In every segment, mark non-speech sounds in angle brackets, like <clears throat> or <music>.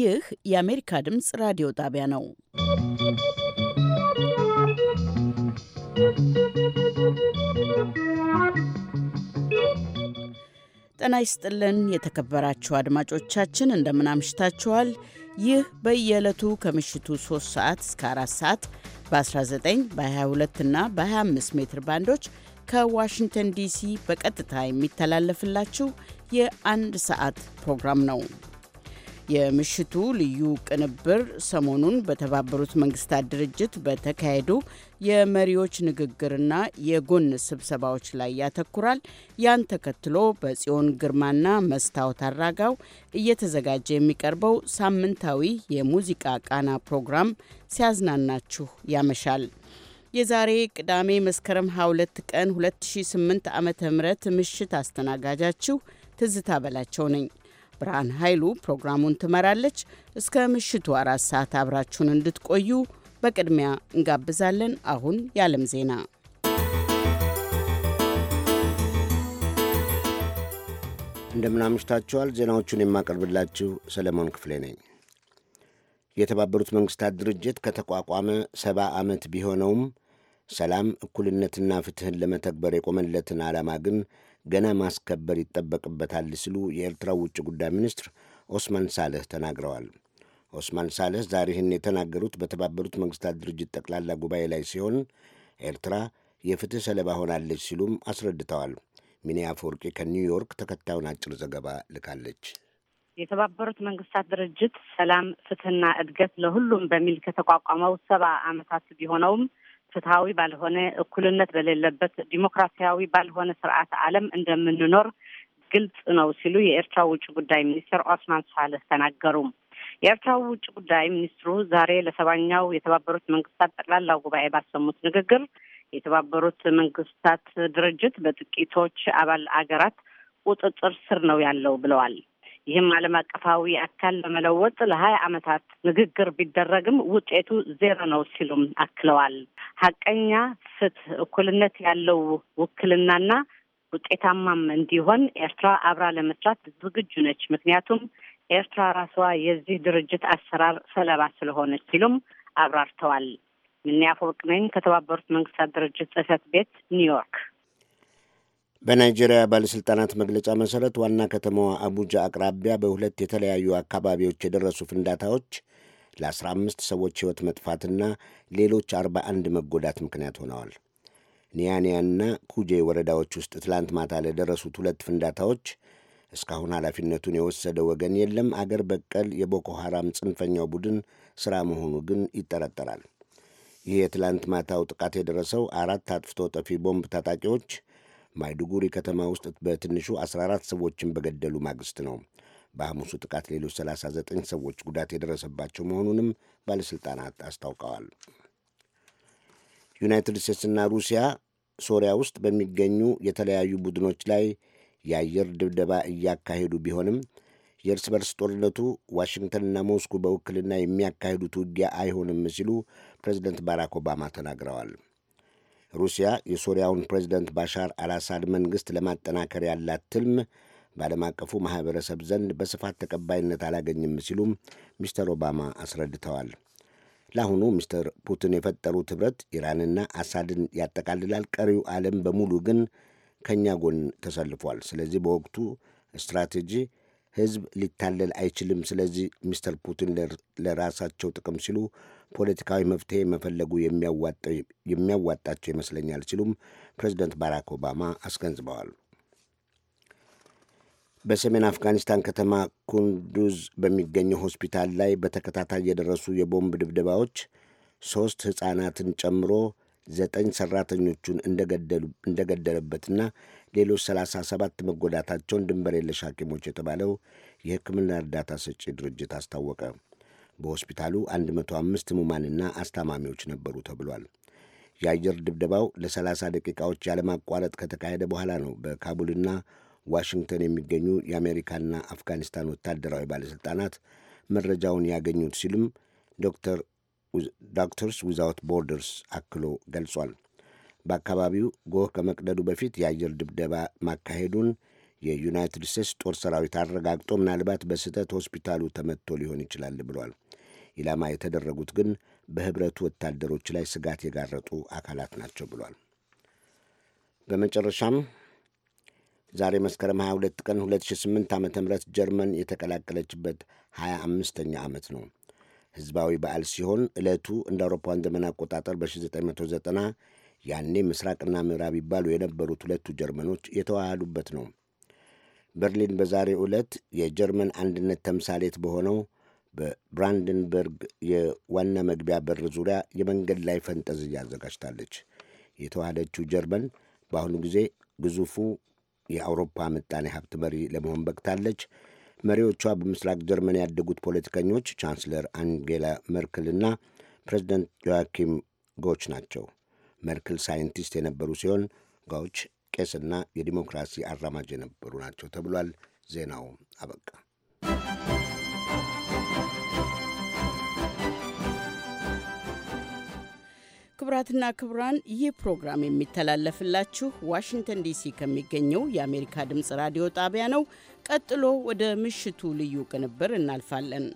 ይህ የአሜሪካ ድምፅ ራዲዮ ጣቢያ ነው። ጤና ይስጥልን የተከበራችሁ አድማጮቻችን እንደምን አምሽታችኋል? ይህ በየዕለቱ ከምሽቱ 3 ሰዓት እስከ 4 ሰዓት በ19 በ22 እና በ25 ሜትር ባንዶች ከዋሽንግተን ዲሲ በቀጥታ የሚተላለፍላችሁ የአንድ ሰዓት ፕሮግራም ነው። የምሽቱ ልዩ ቅንብር ሰሞኑን በተባበሩት መንግስታት ድርጅት በተካሄዱ የመሪዎች ንግግርና የጎን ስብሰባዎች ላይ ያተኩራል። ያን ተከትሎ በጽዮን ግርማና መስታወት አራጋው እየተዘጋጀ የሚቀርበው ሳምንታዊ የሙዚቃ ቃና ፕሮግራም ሲያዝናናችሁ ያመሻል። የዛሬ ቅዳሜ መስከረም 22 ቀን 2008 ዓ ም ምሽት አስተናጋጃችሁ ትዝታ በላቸው ነኝ። ብርሃን ኃይሉ ፕሮግራሙን ትመራለች። እስከ ምሽቱ አራት ሰዓት አብራችሁን እንድትቆዩ በቅድሚያ እንጋብዛለን። አሁን የዓለም ዜና እንደምናምሽታችኋል። ዜናዎቹን የማቀርብላችሁ ሰለሞን ክፍሌ ነኝ። የተባበሩት መንግሥታት ድርጅት ከተቋቋመ ሰባ ዓመት ቢሆነውም ሰላም፣ እኩልነትና ፍትሕን ለመተግበር የቆመለትን ዓላማ ግን ገና ማስከበር ይጠበቅበታል ሲሉ የኤርትራው ውጭ ጉዳይ ሚኒስትር ኦስማን ሳልህ ተናግረዋል። ኦስማን ሳልህ ዛሬ ይህን የተናገሩት በተባበሩት መንግስታት ድርጅት ጠቅላላ ጉባኤ ላይ ሲሆን ኤርትራ የፍትህ ሰለባ ሆናለች ሲሉም አስረድተዋል። ሚኒያ አፈወርቂ ከኒውዮርክ ተከታዩን አጭር ዘገባ ልካለች። የተባበሩት መንግስታት ድርጅት ሰላም፣ ፍትህና እድገት ለሁሉም በሚል ከተቋቋመው ሰባ ዓመታት ቢሆነውም ፍትሐዊ ባልሆነ እኩልነት በሌለበት ዲሞክራሲያዊ ባልሆነ ስርዓት ዓለም እንደምንኖር ግልጽ ነው ሲሉ የኤርትራ ውጭ ጉዳይ ሚኒስትር ኦስማን ሳልህ ተናገሩ። የኤርትራ ውጭ ጉዳይ ሚኒስትሩ ዛሬ ለሰባኛው የተባበሩት መንግስታት ጠቅላላ ጉባኤ ባሰሙት ንግግር የተባበሩት መንግስታት ድርጅት በጥቂቶች አባል አገራት ቁጥጥር ስር ነው ያለው ብለዋል። ይህም ዓለም አቀፋዊ አካል ለመለወጥ ለሀያ ዓመታት ንግግር ቢደረግም ውጤቱ ዜሮ ነው ሲሉም አክለዋል። ሀቀኛ ፍትህ፣ እኩልነት ያለው ውክልናና ውጤታማም እንዲሆን ኤርትራ አብራ ለመስራት ዝግጁ ነች። ምክንያቱም ኤርትራ ራሷ የዚህ ድርጅት አሰራር ሰለባ ስለሆነች ሲሉም አብራርተዋል። ምንያፎቅ ነኝ ከተባበሩት መንግስታት ድርጅት ጽህፈት ቤት ኒውዮርክ። በናይጄሪያ ባለሥልጣናት መግለጫ መሠረት ዋና ከተማዋ አቡጃ አቅራቢያ በሁለት የተለያዩ አካባቢዎች የደረሱ ፍንዳታዎች ለ15 ሰዎች ሕይወት መጥፋትና ሌሎች 41 መጎዳት ምክንያት ሆነዋል። ኒያንያና ኩጄ ወረዳዎች ውስጥ ትላንት ማታ ለደረሱት ሁለት ፍንዳታዎች እስካሁን ኃላፊነቱን የወሰደ ወገን የለም። አገር በቀል የቦኮ ሐራም ጽንፈኛው ቡድን ሥራ መሆኑ ግን ይጠረጠራል። ይህ የትላንት ማታው ጥቃት የደረሰው አራት አጥፍቶ ጠፊ ቦምብ ታጣቂዎች ማይዱጉሪ ከተማ ውስጥ በትንሹ 14 ሰዎችን በገደሉ ማግስት ነው። በሐሙሱ ጥቃት ሌሎች 39 ሰዎች ጉዳት የደረሰባቸው መሆኑንም ባለሥልጣናት አስታውቀዋል። ዩናይትድ ስቴትስና ሩሲያ ሶሪያ ውስጥ በሚገኙ የተለያዩ ቡድኖች ላይ የአየር ድብደባ እያካሄዱ ቢሆንም የእርስ በርስ ጦርነቱ ዋሽንግተንና ሞስኮ በውክልና የሚያካሂዱት ውጊያ አይሆንም ሲሉ ፕሬዚደንት ባራክ ኦባማ ተናግረዋል። ሩሲያ የሶሪያውን ፕሬዚደንት ባሻር አልአሳድ መንግሥት ለማጠናከር ያላት ትልም በዓለም አቀፉ ማኅበረሰብ ዘንድ በስፋት ተቀባይነት አላገኝም ሲሉም ሚስተር ኦባማ አስረድተዋል። ለአሁኑ ሚስተር ፑቲን የፈጠሩት ኅብረት ኢራንና አሳድን ያጠቃልላል። ቀሪው ዓለም በሙሉ ግን ከእኛ ጎን ተሰልፏል። ስለዚህ በወቅቱ ስትራቴጂ ሕዝብ ሊታለል አይችልም። ስለዚህ ሚስተር ፑቲን ለራሳቸው ጥቅም ሲሉ ፖለቲካዊ መፍትሄ መፈለጉ የሚያዋጣቸው ይመስለኛል ሲሉም ፕሬዚደንት ባራክ ኦባማ አስገንዝበዋል። በሰሜን አፍጋኒስታን ከተማ ኩንዱዝ በሚገኘው ሆስፒታል ላይ በተከታታይ የደረሱ የቦምብ ድብደባዎች ሦስት ሕፃናትን ጨምሮ ዘጠኝ ሠራተኞቹን እንደገደለበትና ሌሎች 37 መጎዳታቸውን ድንበር የለሽ ሐኪሞች የተባለው የሕክምና እርዳታ ሰጪ ድርጅት አስታወቀ። በሆስፒታሉ 105 ህሙማንና አስታማሚዎች ነበሩ ተብሏል። የአየር ድብደባው ለ30 ደቂቃዎች ያለማቋረጥ ከተካሄደ በኋላ ነው በካቡልና ዋሽንግተን የሚገኙ የአሜሪካና አፍጋኒስታን ወታደራዊ ባለሥልጣናት መረጃውን ያገኙት ሲልም ዶክተርስ ዊዛውት ቦርደርስ አክሎ ገልጿል። በአካባቢው ጎህ ከመቅደዱ በፊት የአየር ድብደባ ማካሄዱን የዩናይትድ ስቴትስ ጦር ሰራዊት አረጋግጦ ምናልባት በስህተት ሆስፒታሉ ተመትቶ ሊሆን ይችላል ብሏል። ኢላማ የተደረጉት ግን በህብረቱ ወታደሮች ላይ ስጋት የጋረጡ አካላት ናቸው ብሏል። በመጨረሻም ዛሬ መስከረም 22 ቀን 2008 ዓ ም ጀርመን የተቀላቀለችበት 25ኛ ዓመት ነው። ህዝባዊ በዓል ሲሆን ዕለቱ እንደ አውሮፓውያን ዘመን አቆጣጠር በ1990 ያኔ ምስራቅና ምዕራብ ይባሉ የነበሩት ሁለቱ ጀርመኖች የተዋሃዱበት ነው። በርሊን በዛሬ ዕለት የጀርመን አንድነት ተምሳሌት በሆነው በብራንደንበርግ የዋና መግቢያ በር ዙሪያ የመንገድ ላይ ፈንጠዝያ አዘጋጅታለች። የተዋሃደችው ጀርመን በአሁኑ ጊዜ ግዙፉ የአውሮፓ ምጣኔ ሀብት መሪ ለመሆን በቅታለች። መሪዎቿ በምስራቅ ጀርመን ያደጉት ፖለቲከኞች ቻንስለር አንጌላ መርክልና ፕሬዚደንት ጆዋኪም ጎች ናቸው። መርክል ሳይንቲስት የነበሩ ሲሆን ጋዎች ቄስና የዲሞክራሲ አራማጅ የነበሩ ናቸው ተብሏል። ዜናው አበቃ። ክቡራትና ክቡራን ይህ ፕሮግራም የሚተላለፍላችሁ ዋሽንግተን ዲሲ ከሚገኘው የአሜሪካ ድምፅ ራዲዮ ጣቢያ ነው። ቀጥሎ ወደ ምሽቱ ልዩ ቅንብር እናልፋለን።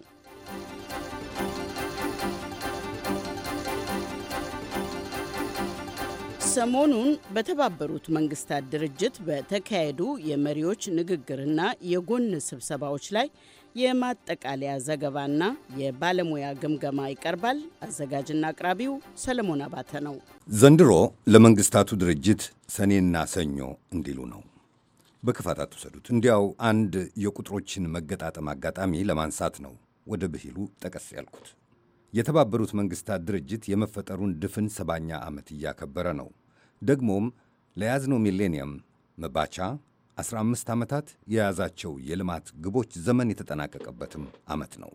ሰሞኑን በተባበሩት መንግስታት ድርጅት በተካሄዱ የመሪዎች ንግግርና የጎን ስብሰባዎች ላይ የማጠቃለያ ዘገባና የባለሙያ ግምገማ ይቀርባል። አዘጋጅና አቅራቢው ሰለሞን አባተ ነው። ዘንድሮ ለመንግስታቱ ድርጅት ሰኔና ሰኞ እንዲሉ ነው። በክፋት አትውሰዱት። እንዲያው አንድ የቁጥሮችን መገጣጠም አጋጣሚ ለማንሳት ነው ወደ ብሂሉ ጠቀስ ያልኩት። የተባበሩት መንግስታት ድርጅት የመፈጠሩን ድፍን ሰባኛ ዓመት እያከበረ ነው። ደግሞም ለያዝነው ሚሌኒየም መባቻ 15 ዓመታት የያዛቸው የልማት ግቦች ዘመን የተጠናቀቀበትም ዓመት ነው።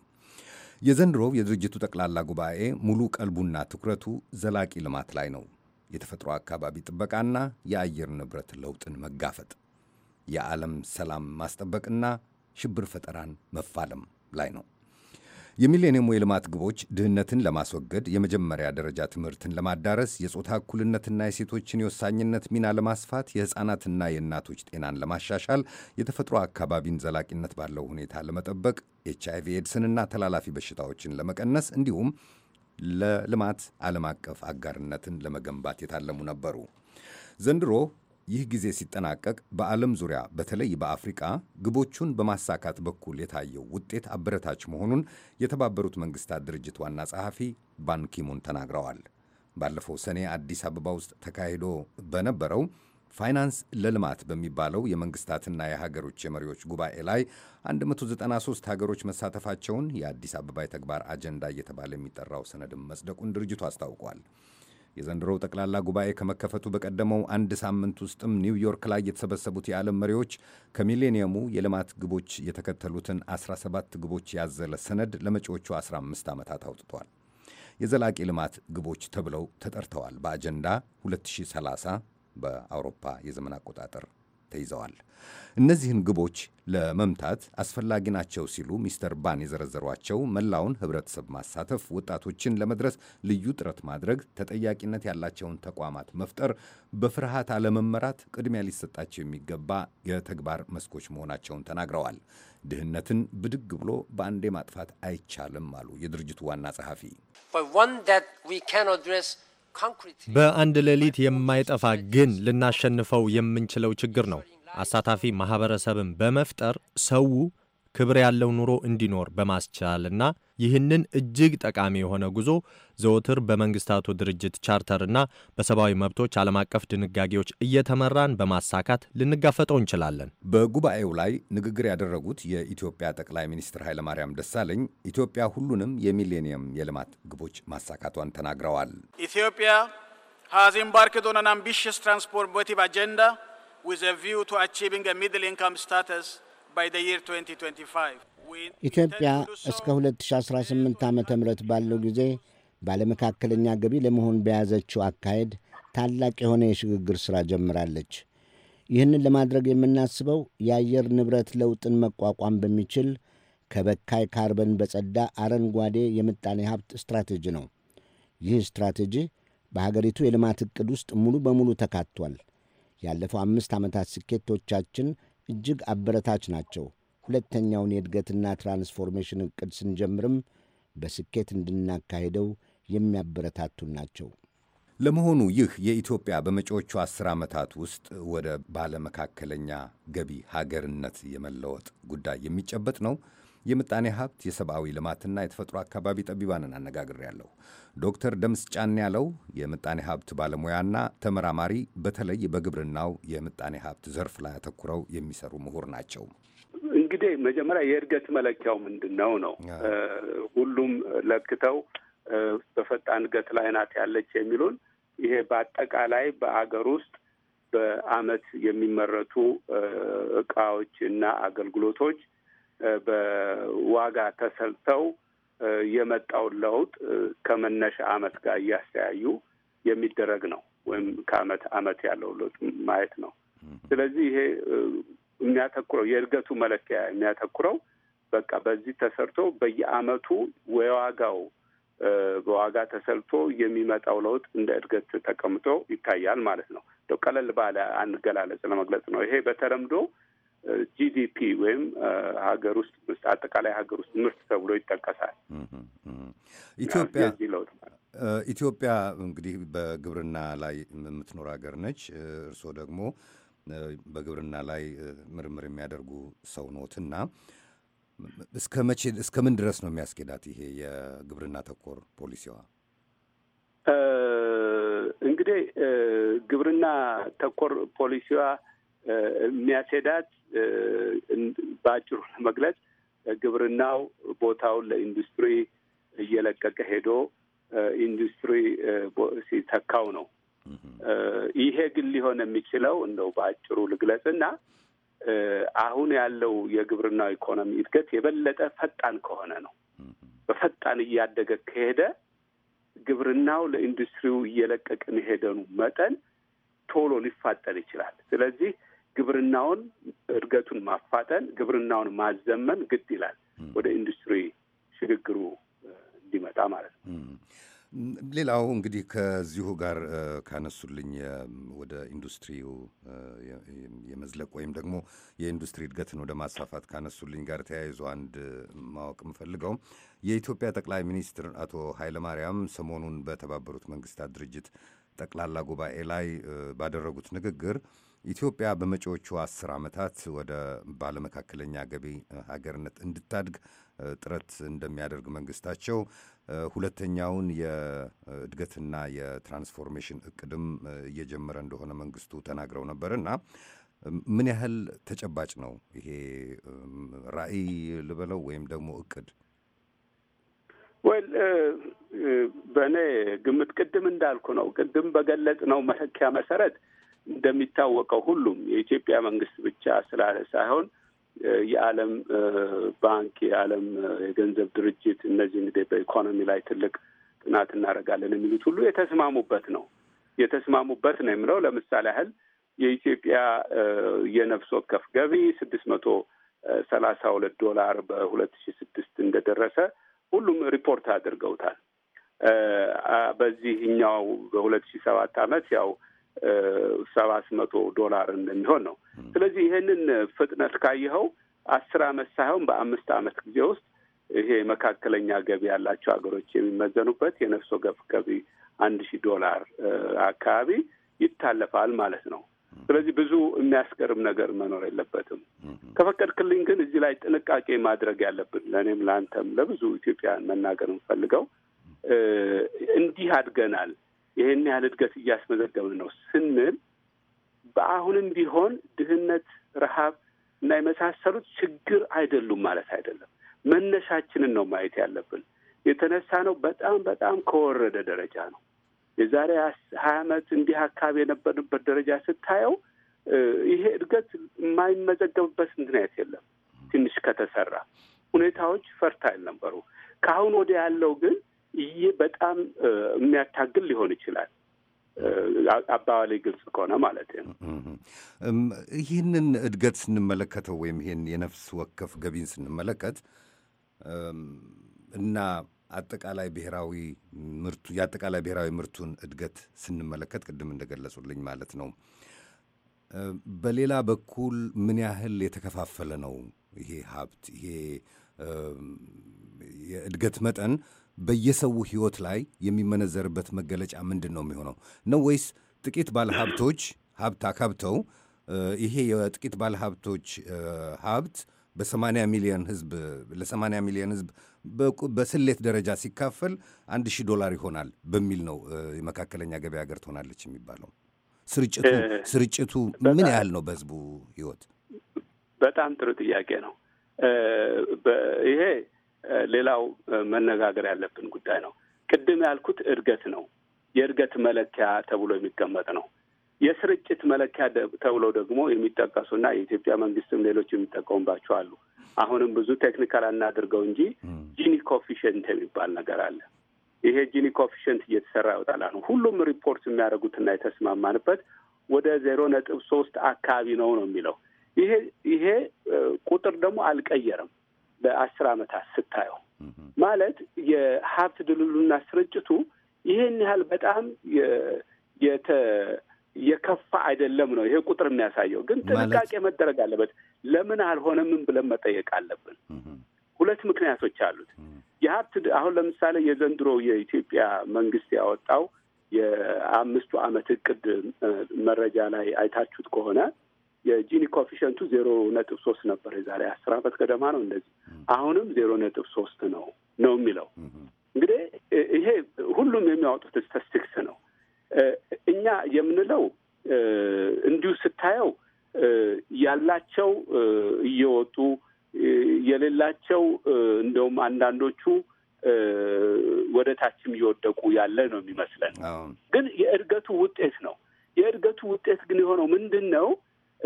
የዘንድሮው የድርጅቱ ጠቅላላ ጉባኤ ሙሉ ቀልቡና ትኩረቱ ዘላቂ ልማት ላይ ነው። የተፈጥሮ አካባቢ ጥበቃና የአየር ንብረት ለውጥን መጋፈጥ፣ የዓለም ሰላም ማስጠበቅና ሽብር ፈጠራን መፋለም ላይ ነው። የሚሌኒየሙ የልማት ግቦች ድህነትን ለማስወገድ፣ የመጀመሪያ ደረጃ ትምህርትን ለማዳረስ፣ የጾታ እኩልነትና የሴቶችን የወሳኝነት ሚና ለማስፋት፣ የሕፃናትና የእናቶች ጤናን ለማሻሻል፣ የተፈጥሮ አካባቢን ዘላቂነት ባለው ሁኔታ ለመጠበቅ፣ ኤች አይቪ ኤድስንና ተላላፊ በሽታዎችን ለመቀነስ እንዲሁም ለልማት ዓለም አቀፍ አጋርነትን ለመገንባት የታለሙ ነበሩ። ዘንድሮ ይህ ጊዜ ሲጠናቀቅ በዓለም ዙሪያ በተለይ በአፍሪቃ ግቦቹን በማሳካት በኩል የታየው ውጤት አበረታች መሆኑን የተባበሩት መንግስታት ድርጅት ዋና ጸሐፊ ባንኪሙን ተናግረዋል። ባለፈው ሰኔ አዲስ አበባ ውስጥ ተካሂዶ በነበረው ፋይናንስ ለልማት በሚባለው የመንግስታትና የሀገሮች የመሪዎች ጉባኤ ላይ 193 ሀገሮች መሳተፋቸውን የአዲስ አበባ የተግባር አጀንዳ እየተባለ የሚጠራው ሰነድም መጽደቁን ድርጅቱ አስታውቋል። የዘንድሮው ጠቅላላ ጉባኤ ከመከፈቱ በቀደመው አንድ ሳምንት ውስጥም ኒውዮርክ ላይ የተሰበሰቡት የዓለም መሪዎች ከሚሌኒየሙ የልማት ግቦች የተከተሉትን 17 ግቦች ያዘለ ሰነድ ለመጪዎቹ 15 ዓመታት አውጥቷል። የዘላቂ ልማት ግቦች ተብለው ተጠርተዋል። በአጀንዳ 2030 በአውሮፓ የዘመን አቆጣጠር ተይዘዋል። እነዚህን ግቦች ለመምታት አስፈላጊ ናቸው ሲሉ ሚስተር ባን የዘረዘሯቸው መላውን ህብረተሰብ ማሳተፍ፣ ወጣቶችን ለመድረስ ልዩ ጥረት ማድረግ፣ ተጠያቂነት ያላቸውን ተቋማት መፍጠር፣ በፍርሃት አለመመራት ቅድሚያ ሊሰጣቸው የሚገባ የተግባር መስኮች መሆናቸውን ተናግረዋል። ድህነትን ብድግ ብሎ በአንዴ ማጥፋት አይቻልም አሉ የድርጅቱ ዋና ጸሐፊ በአንድ ሌሊት የማይጠፋ ግን ልናሸንፈው የምንችለው ችግር ነው። አሳታፊ ማህበረሰብን በመፍጠር ሰው ክብር ያለው ኑሮ እንዲኖር በማስቻልና ይህንን እጅግ ጠቃሚ የሆነ ጉዞ ዘወትር በመንግስታቱ ድርጅት ቻርተርና በሰብአዊ መብቶች ዓለም አቀፍ ድንጋጌዎች እየተመራን በማሳካት ልንጋፈጠው እንችላለን። በጉባኤው ላይ ንግግር ያደረጉት የኢትዮጵያ ጠቅላይ ሚኒስትር ኃይለማርያም ደሳለኝ ኢትዮጵያ ሁሉንም የሚሌኒየም የልማት ግቦች ማሳካቷን ተናግረዋል። ኢትዮጵያ has embarked on an ambitious transformative agenda with a view to achieving ኢትዮጵያ እስከ 2018 ዓ ም ባለው ጊዜ ባለመካከለኛ ገቢ ለመሆን በያዘችው አካሄድ ታላቅ የሆነ የሽግግር ሥራ ጀምራለች። ይህንን ለማድረግ የምናስበው የአየር ንብረት ለውጥን መቋቋም በሚችል ከበካይ ካርበን በጸዳ አረንጓዴ የምጣኔ ሀብት ስትራቴጂ ነው። ይህ ስትራቴጂ በሀገሪቱ የልማት ዕቅድ ውስጥ ሙሉ በሙሉ ተካቷል። ያለፈው አምስት ዓመታት ስኬቶቻችን እጅግ አበረታች ናቸው። ሁለተኛውን የእድገትና ትራንስፎርሜሽን ዕቅድ ስንጀምርም በስኬት እንድናካሄደው የሚያበረታቱን ናቸው። ለመሆኑ ይህ የኢትዮጵያ በመጪዎቹ አስር ዓመታት ውስጥ ወደ ባለመካከለኛ ገቢ ሀገርነት የመለወጥ ጉዳይ የሚጨበጥ ነው? የምጣኔ ሀብት፣ የሰብአዊ ልማትና የተፈጥሮ አካባቢ ጠቢባንን አነጋግሬያለሁ። ዶክተር ደምስ ጫን ያለው የምጣኔ ሀብት ባለሙያና ተመራማሪ በተለይ በግብርናው የምጣኔ ሀብት ዘርፍ ላይ አተኩረው የሚሰሩ ምሁር ናቸው። እንግዲህ መጀመሪያ የእድገት መለኪያው ምንድን ነው ነው ሁሉም ለክተው በፈጣን እድገት ላይ ናት ያለች የሚሉን ይሄ በአጠቃላይ በአገር ውስጥ በአመት የሚመረቱ እቃዎች እና አገልግሎቶች በዋጋ ተሰልተው የመጣውን ለውጥ ከመነሻ አመት ጋር እያስተያዩ የሚደረግ ነው ወይም ከአመት አመት ያለው ለውጥ ማየት ነው። ስለዚህ ይሄ የሚያተኩረው የእድገቱ መለኪያ የሚያተኩረው በቃ በዚህ ተሰርቶ በየአመቱ የዋጋው በዋጋ ተሰልቶ የሚመጣው ለውጥ እንደ እድገት ተቀምጦ ይታያል ማለት ነው። ቀለል ባለ አንገላለጽ ለመግለጽ ነው። ይሄ በተለምዶ ጂዲፒ ወይም ሀገር ውስጥ አጠቃላይ ሀገር ውስጥ ምርት ተብሎ ይጠቀሳል። ኢትዮጵያ ኢትዮጵያ እንግዲህ በግብርና ላይ የምትኖር ሀገር ነች። እርስዎ ደግሞ በግብርና ላይ ምርምር የሚያደርጉ ሰው ኖትና እስከ መቼ እስከ ምን ድረስ ነው የሚያስኬዳት ይሄ የግብርና ተኮር ፖሊሲዋ? እንግዲህ ግብርና ተኮር ፖሊሲዋ የሚያሴዳት በአጭሩ ለመግለጽ ግብርናው ቦታውን ለኢንዱስትሪ እየለቀቀ ሄዶ ኢንዱስትሪ ሲተካው ነው። ይሄ ግን ሊሆን የሚችለው እንደው በአጭሩ ልግለጽ እና አሁን ያለው የግብርናው ኢኮኖሚ እድገት የበለጠ ፈጣን ከሆነ ነው። በፈጣን እያደገ ከሄደ ግብርናው ለኢንዱስትሪው እየለቀቀ መሄደኑ መጠን ቶሎ ሊፋጠን ይችላል። ስለዚህ ግብርናውን እድገቱን ማፋጠን፣ ግብርናውን ማዘመን ግድ ይላል ወደ ኢንዱስትሪ ሽግግሩ እንዲመጣ ማለት ነው። ሌላው እንግዲህ ከዚሁ ጋር ካነሱልኝ ወደ ኢንዱስትሪው የመዝለቅ ወይም ደግሞ የኢንዱስትሪ እድገትን ወደ ማስፋፋት ካነሱልኝ ጋር ተያይዞ አንድ ማወቅ የምፈልገው የኢትዮጵያ ጠቅላይ ሚኒስትር አቶ ኃይለማርያም ሰሞኑን በተባበሩት መንግስታት ድርጅት ጠቅላላ ጉባኤ ላይ ባደረጉት ንግግር ኢትዮጵያ በመጪዎቹ አስር ዓመታት ወደ ባለመካከለኛ ገቢ ሀገርነት እንድታድግ ጥረት እንደሚያደርግ መንግስታቸው ሁለተኛውን የእድገትና የትራንስፎርሜሽን እቅድም እየጀመረ እንደሆነ መንግስቱ ተናግረው ነበር እና ምን ያህል ተጨባጭ ነው ይሄ ራዕይ ልበለው ወይም ደግሞ እቅድ? ወል በእኔ ግምት ቅድም እንዳልኩ ነው። ቅድም በገለጽ ነው መለኪያ መሰረት እንደሚታወቀው ሁሉም የኢትዮጵያ መንግስት ብቻ ስላለ ሳይሆን የዓለም ባንክ፣ የዓለም የገንዘብ ድርጅት እነዚህ እንግዲህ በኢኮኖሚ ላይ ትልቅ ጥናት እናደርጋለን የሚሉት ሁሉ የተስማሙበት ነው የተስማሙበት ነው የምለው ለምሳሌ ያህል የኢትዮጵያ የነፍስ ወከፍ ገቢ ስድስት መቶ ሰላሳ ሁለት ዶላር በሁለት ሺ ስድስት እንደደረሰ ሁሉም ሪፖርት አድርገውታል። በዚህኛው በሁለት ሺ ሰባት ዓመት ያው ሰባት መቶ ዶላር እንደሚሆን ነው። ስለዚህ ይህንን ፍጥነት ካየኸው አስር አመት ሳይሆን በአምስት አመት ጊዜ ውስጥ ይሄ መካከለኛ ገቢ ያላቸው ሀገሮች የሚመዘኑበት የነፍስ ወከፍ ገቢ አንድ ሺህ ዶላር አካባቢ ይታለፋል ማለት ነው። ስለዚህ ብዙ የሚያስገርም ነገር መኖር የለበትም። ከፈቀድክልኝ ግን እዚህ ላይ ጥንቃቄ ማድረግ ያለብን ለእኔም ለአንተም ለብዙ ኢትዮጵያን መናገር የምፈልገው እንዲህ አድገናል ይህን ያህል እድገት እያስመዘገብን ነው ስንል በአሁንም ቢሆን ድህነት፣ ረሃብ እና የመሳሰሉት ችግር አይደሉም ማለት አይደለም። መነሻችንን ነው ማየት ያለብን። የተነሳ ነው በጣም በጣም ከወረደ ደረጃ ነው። የዛሬ ሀያ ዓመት እንዲህ አካባቢ የነበርንበት ደረጃ ስታየው ይሄ እድገት የማይመዘገብበት ምክንያት የለም። ትንሽ ከተሰራ ሁኔታዎች ፈርታይል ነበሩ። ከአሁን ወደ ያለው ግን ይህ በጣም የሚያታግል ሊሆን ይችላል። አባባሌ ግልጽ ከሆነ ማለት ነው። ይህንን እድገት ስንመለከተው ወይም ይህን የነፍስ ወከፍ ገቢን ስንመለከት እና አጠቃላይ ብሔራዊ ምርቱ የአጠቃላይ ብሔራዊ ምርቱን እድገት ስንመለከት ቅድም እንደገለጹልኝ ማለት ነው። በሌላ በኩል ምን ያህል የተከፋፈለ ነው ይሄ ሀብት ይሄ የእድገት መጠን በየሰው ሕይወት ላይ የሚመነዘርበት መገለጫ ምንድን ነው የሚሆነው? ነው ወይስ ጥቂት ባለሀብቶች ሀብት አካብተው ይሄ የጥቂት ባለሀብቶች ሀብት በ80 ሚሊዮን ህዝብ ለ80 ሚሊዮን ህዝብ በስሌት ደረጃ ሲካፈል አንድ ሺህ ዶላር ይሆናል በሚል ነው የመካከለኛ ገበያ ሀገር ትሆናለች የሚባለው። ስርጭቱ ስርጭቱ ምን ያህል ነው በህዝቡ ህይወት? በጣም ጥሩ ጥያቄ ነው ይሄ ሌላው መነጋገር ያለብን ጉዳይ ነው። ቅድም ያልኩት እድገት ነው። የእድገት መለኪያ ተብሎ የሚቀመጥ ነው። የስርጭት መለኪያ ተብሎ ደግሞ የሚጠቀሱና የኢትዮጵያ መንግስትም ሌሎች የሚጠቀሙባቸው አሉ። አሁንም ብዙ ቴክኒካል አናድርገው እንጂ ጂኒ ኮፊሽንት የሚባል ነገር አለ። ይሄ ጂኒ ኮፊሽንት እየተሰራ ይወጣል። አሁን ሁሉም ሪፖርት የሚያደርጉትና የተስማማንበት ወደ ዜሮ ነጥብ ሶስት አካባቢ ነው ነው የሚለው ይሄ ይሄ ቁጥር ደግሞ አልቀየረም። በአስር አመታት ስታየው ማለት የሀብት ድልሉና ስርጭቱ ይህን ያህል በጣም የተ የከፋ አይደለም ነው ይሄ ቁጥር የሚያሳየው። ግን ጥንቃቄ መደረግ አለበት። ለምን አልሆነ ምን ብለን መጠየቅ አለብን። ሁለት ምክንያቶች አሉት። የሀብት አሁን ለምሳሌ የዘንድሮ የኢትዮጵያ መንግስት ያወጣው የአምስቱ አመት እቅድ መረጃ ላይ አይታችሁት ከሆነ የጂኒ ኮፊሽንቱ ዜሮ ነጥብ ሶስት ነበር የዛሬ አስር አመት ገደማ ነው እንደዚህ። አሁንም ዜሮ ነጥብ ሶስት ነው ነው የሚለው እንግዲህ ይሄ ሁሉም የሚያወጡት ስታስቲክስ ነው። እኛ የምንለው እንዲሁ ስታየው ያላቸው እየወጡ የሌላቸው እንደውም አንዳንዶቹ ወደ ታችም እየወደቁ ያለ ነው የሚመስለን። ግን የእድገቱ ውጤት ነው። የእድገቱ ውጤት ግን የሆነው ምንድን ነው?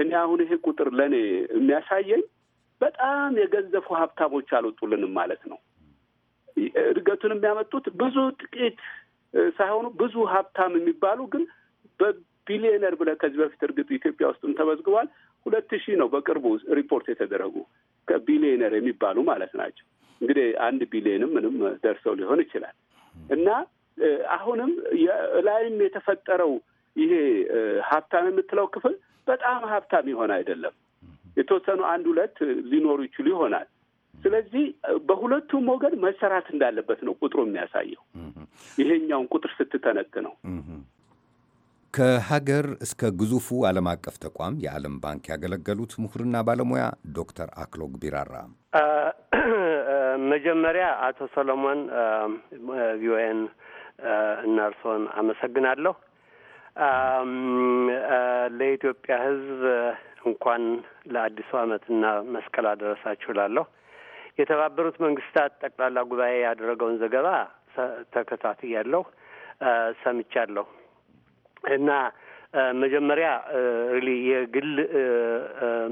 እኔ አሁን ይሄ ቁጥር ለእኔ የሚያሳየኝ በጣም የገዘፉ ሀብታሞች አልወጡልንም ማለት ነው። እድገቱን የሚያመጡት ብዙ ጥቂት ሳይሆኑ ብዙ ሀብታም የሚባሉ ግን በቢሊዮነር ብለህ ከዚህ በፊት እርግጥ ኢትዮጵያ ውስጥም ተመዝግቧል። ሁለት ሺህ ነው በቅርቡ ሪፖርት የተደረጉ ከቢሊዮነር የሚባሉ ማለት ናቸው። እንግዲህ አንድ ቢሊዮንም ምንም ደርሰው ሊሆን ይችላል እና አሁንም ላይም የተፈጠረው ይሄ ሀብታም የምትለው ክፍል በጣም ሀብታም ይሆን አይደለም። የተወሰኑ አንድ ሁለት ሊኖሩ ይችሉ ይሆናል። ስለዚህ በሁለቱም ወገን መሰራት እንዳለበት ነው ቁጥሩ የሚያሳየው። ይሄኛውን ቁጥር ስትተነክ ነው ከሀገር እስከ ግዙፉ ዓለም አቀፍ ተቋም የዓለም ባንክ ያገለገሉት ምሁርና ባለሙያ ዶክተር አክሎግ ቢራራ <clears throat> መጀመሪያ አቶ ሰሎሞን ቪኦኤን እና እርስዎን አመሰግናለሁ። ለኢትዮጵያ ሕዝብ እንኳን ለአዲሱ ዓመትና መስቀል አደረሳችሁ እላለሁ። የተባበሩት መንግስታት ጠቅላላ ጉባኤ ያደረገውን ዘገባ ተከታትያለሁ፣ ሰምቻለሁ እና መጀመሪያ ሪሊ የግል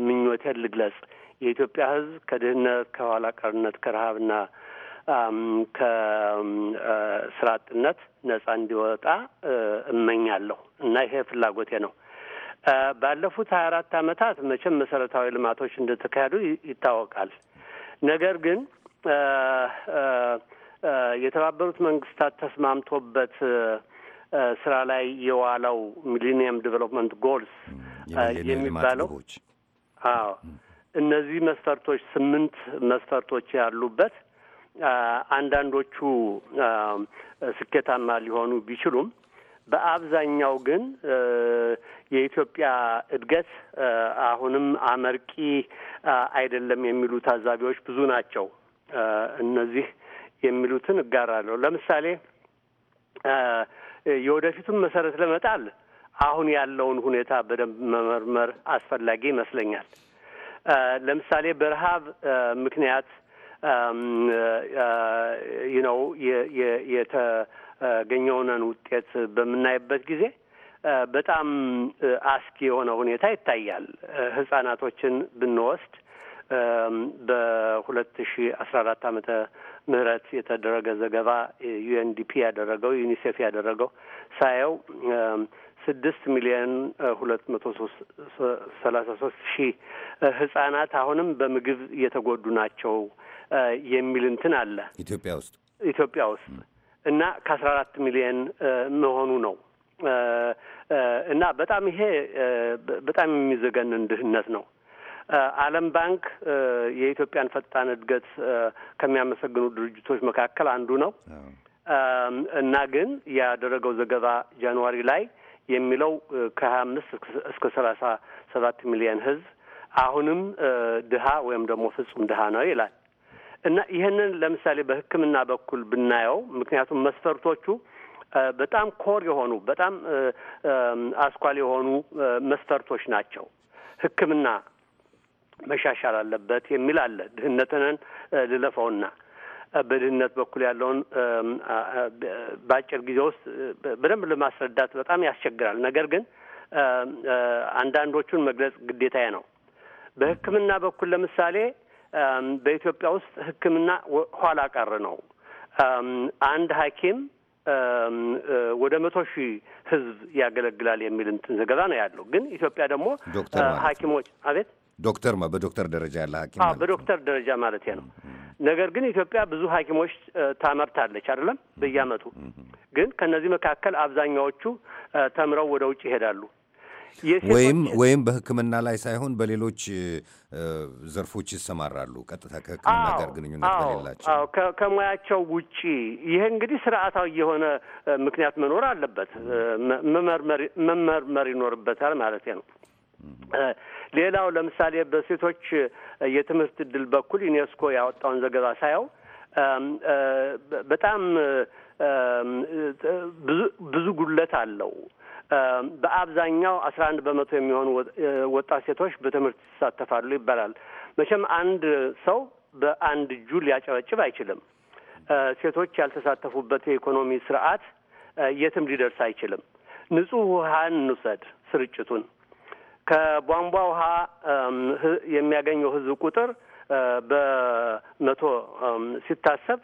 ምኞቴን ልግለጽ። የኢትዮጵያ ህዝብ ከድህነት ከኋላ ቀርነት ከረሃብና ከስራ አጥነት ነጻ እንዲወጣ እመኛለሁ እና ይሄ ፍላጎቴ ነው። ባለፉት ሀያ አራት አመታት መቼም መሰረታዊ ልማቶች እንደተካሄዱ ይታወቃል። ነገር ግን የተባበሩት መንግስታት ተስማምቶበት ስራ ላይ የዋለው ሚሊኒየም ዲቨሎፕመንት ጎልስ የሚባለው አዎ እነዚህ መስፈርቶች ስምንት መስፈርቶች ያሉበት አንዳንዶቹ ስኬታማ ሊሆኑ ቢችሉም በአብዛኛው ግን የኢትዮጵያ እድገት አሁንም አመርቂ አይደለም የሚሉ ታዛቢዎች ብዙ ናቸው። እነዚህ የሚሉትን እጋራለሁ። ለምሳሌ የወደፊቱን መሰረት ለመጣል አሁን ያለውን ሁኔታ በደንብ መመርመር አስፈላጊ ይመስለኛል። ለምሳሌ በረሃብ ምክንያት ነው um, uh, የተገኘውን ውጤት በምናይበት ጊዜ uh, በጣም uh, አስኪ የሆነ ሁኔታ ይታያል። ህጻናቶችን ብንወስድ um, በሁለት ሺ አስራ አራት ዓመተ ምህረት የተደረገ ዘገባ ዩኤንዲፒ ያደረገው ዩኒሴፍ ያደረገው ሳየው um, ስድስት ሚሊዮን ሁለት መቶ ሰላሳ ሶስት ሺህ ህጻናት አሁንም በምግብ እየተጎዱ ናቸው የሚል እንትን አለ ኢትዮጵያ ውስጥ ኢትዮጵያ ውስጥ እና ከአስራ አራት ሚሊየን መሆኑ ነው እና በጣም ይሄ በጣም የሚዘገንን ድህነት ነው። ዓለም ባንክ የኢትዮጵያን ፈጣን እድገት ከሚያመሰግኑ ድርጅቶች መካከል አንዱ ነው እና ግን ያደረገው ዘገባ ጃንዋሪ ላይ የሚለው ከሀያ አምስት እስከ ሰላሳ ሰባት ሚሊየን ህዝብ አሁንም ድሀ ወይም ደግሞ ፍጹም ድሀ ነው ይላል። እና ይህንን ለምሳሌ በሕክምና በኩል ብናየው ምክንያቱም መስፈርቶቹ በጣም ኮር የሆኑ በጣም አስኳል የሆኑ መስፈርቶች ናቸው። ሕክምና መሻሻል አለበት የሚል አለ። ድህነትንን ልለፈውና በድህነት በኩል ያለውን በአጭር ጊዜ ውስጥ በደንብ ለማስረዳት በጣም ያስቸግራል። ነገር ግን አንዳንዶቹን መግለጽ ግዴታዬ ነው። በሕክምና በኩል ለምሳሌ በኢትዮጵያ ውስጥ ሕክምና ኋላ ቀር ነው። አንድ ሐኪም ወደ መቶ ሺህ ህዝብ ያገለግላል የሚል እንትን ዘገባ ነው ያለው። ግን ኢትዮጵያ ደግሞ ሐኪሞች አቤት ዶክተር በዶክተር ደረጃ ያለ ሐኪም በዶክተር ደረጃ ማለት ነው። ነገር ግን ኢትዮጵያ ብዙ ሐኪሞች ታመርታለች አይደለም? በየአመቱ ግን ከእነዚህ መካከል አብዛኛዎቹ ተምረው ወደ ውጭ ይሄዳሉ። ወይም ወይም በሕክምና ላይ ሳይሆን በሌሎች ዘርፎች ይሰማራሉ ቀጥታ ከሕክምና ጋር ግንኙነት በሌላቸው ከሙያቸው ውጪ። ይህ እንግዲህ ስርዓታዊ የሆነ ምክንያት መኖር አለበት፣ መመርመር ይኖርበታል ማለት ነው። ሌላው ለምሳሌ በሴቶች የትምህርት እድል በኩል ዩኔስኮ ያወጣውን ዘገባ ሳየው በጣም ብዙ ጉድለት አለው። በአብዛኛው አስራ አንድ በመቶ የሚሆኑ ወጣት ሴቶች በትምህርት ይሳተፋሉ ይባላል። መቼም አንድ ሰው በአንድ እጁ ሊያጨበጭብ አይችልም። ሴቶች ያልተሳተፉበት የኢኮኖሚ ስርዓት የትም ሊደርስ አይችልም። ንጹህ ውሃን እንውሰድ። ስርጭቱን ከቧንቧ ውሃ የሚያገኘው ህዝብ ቁጥር በመቶ ሲታሰብ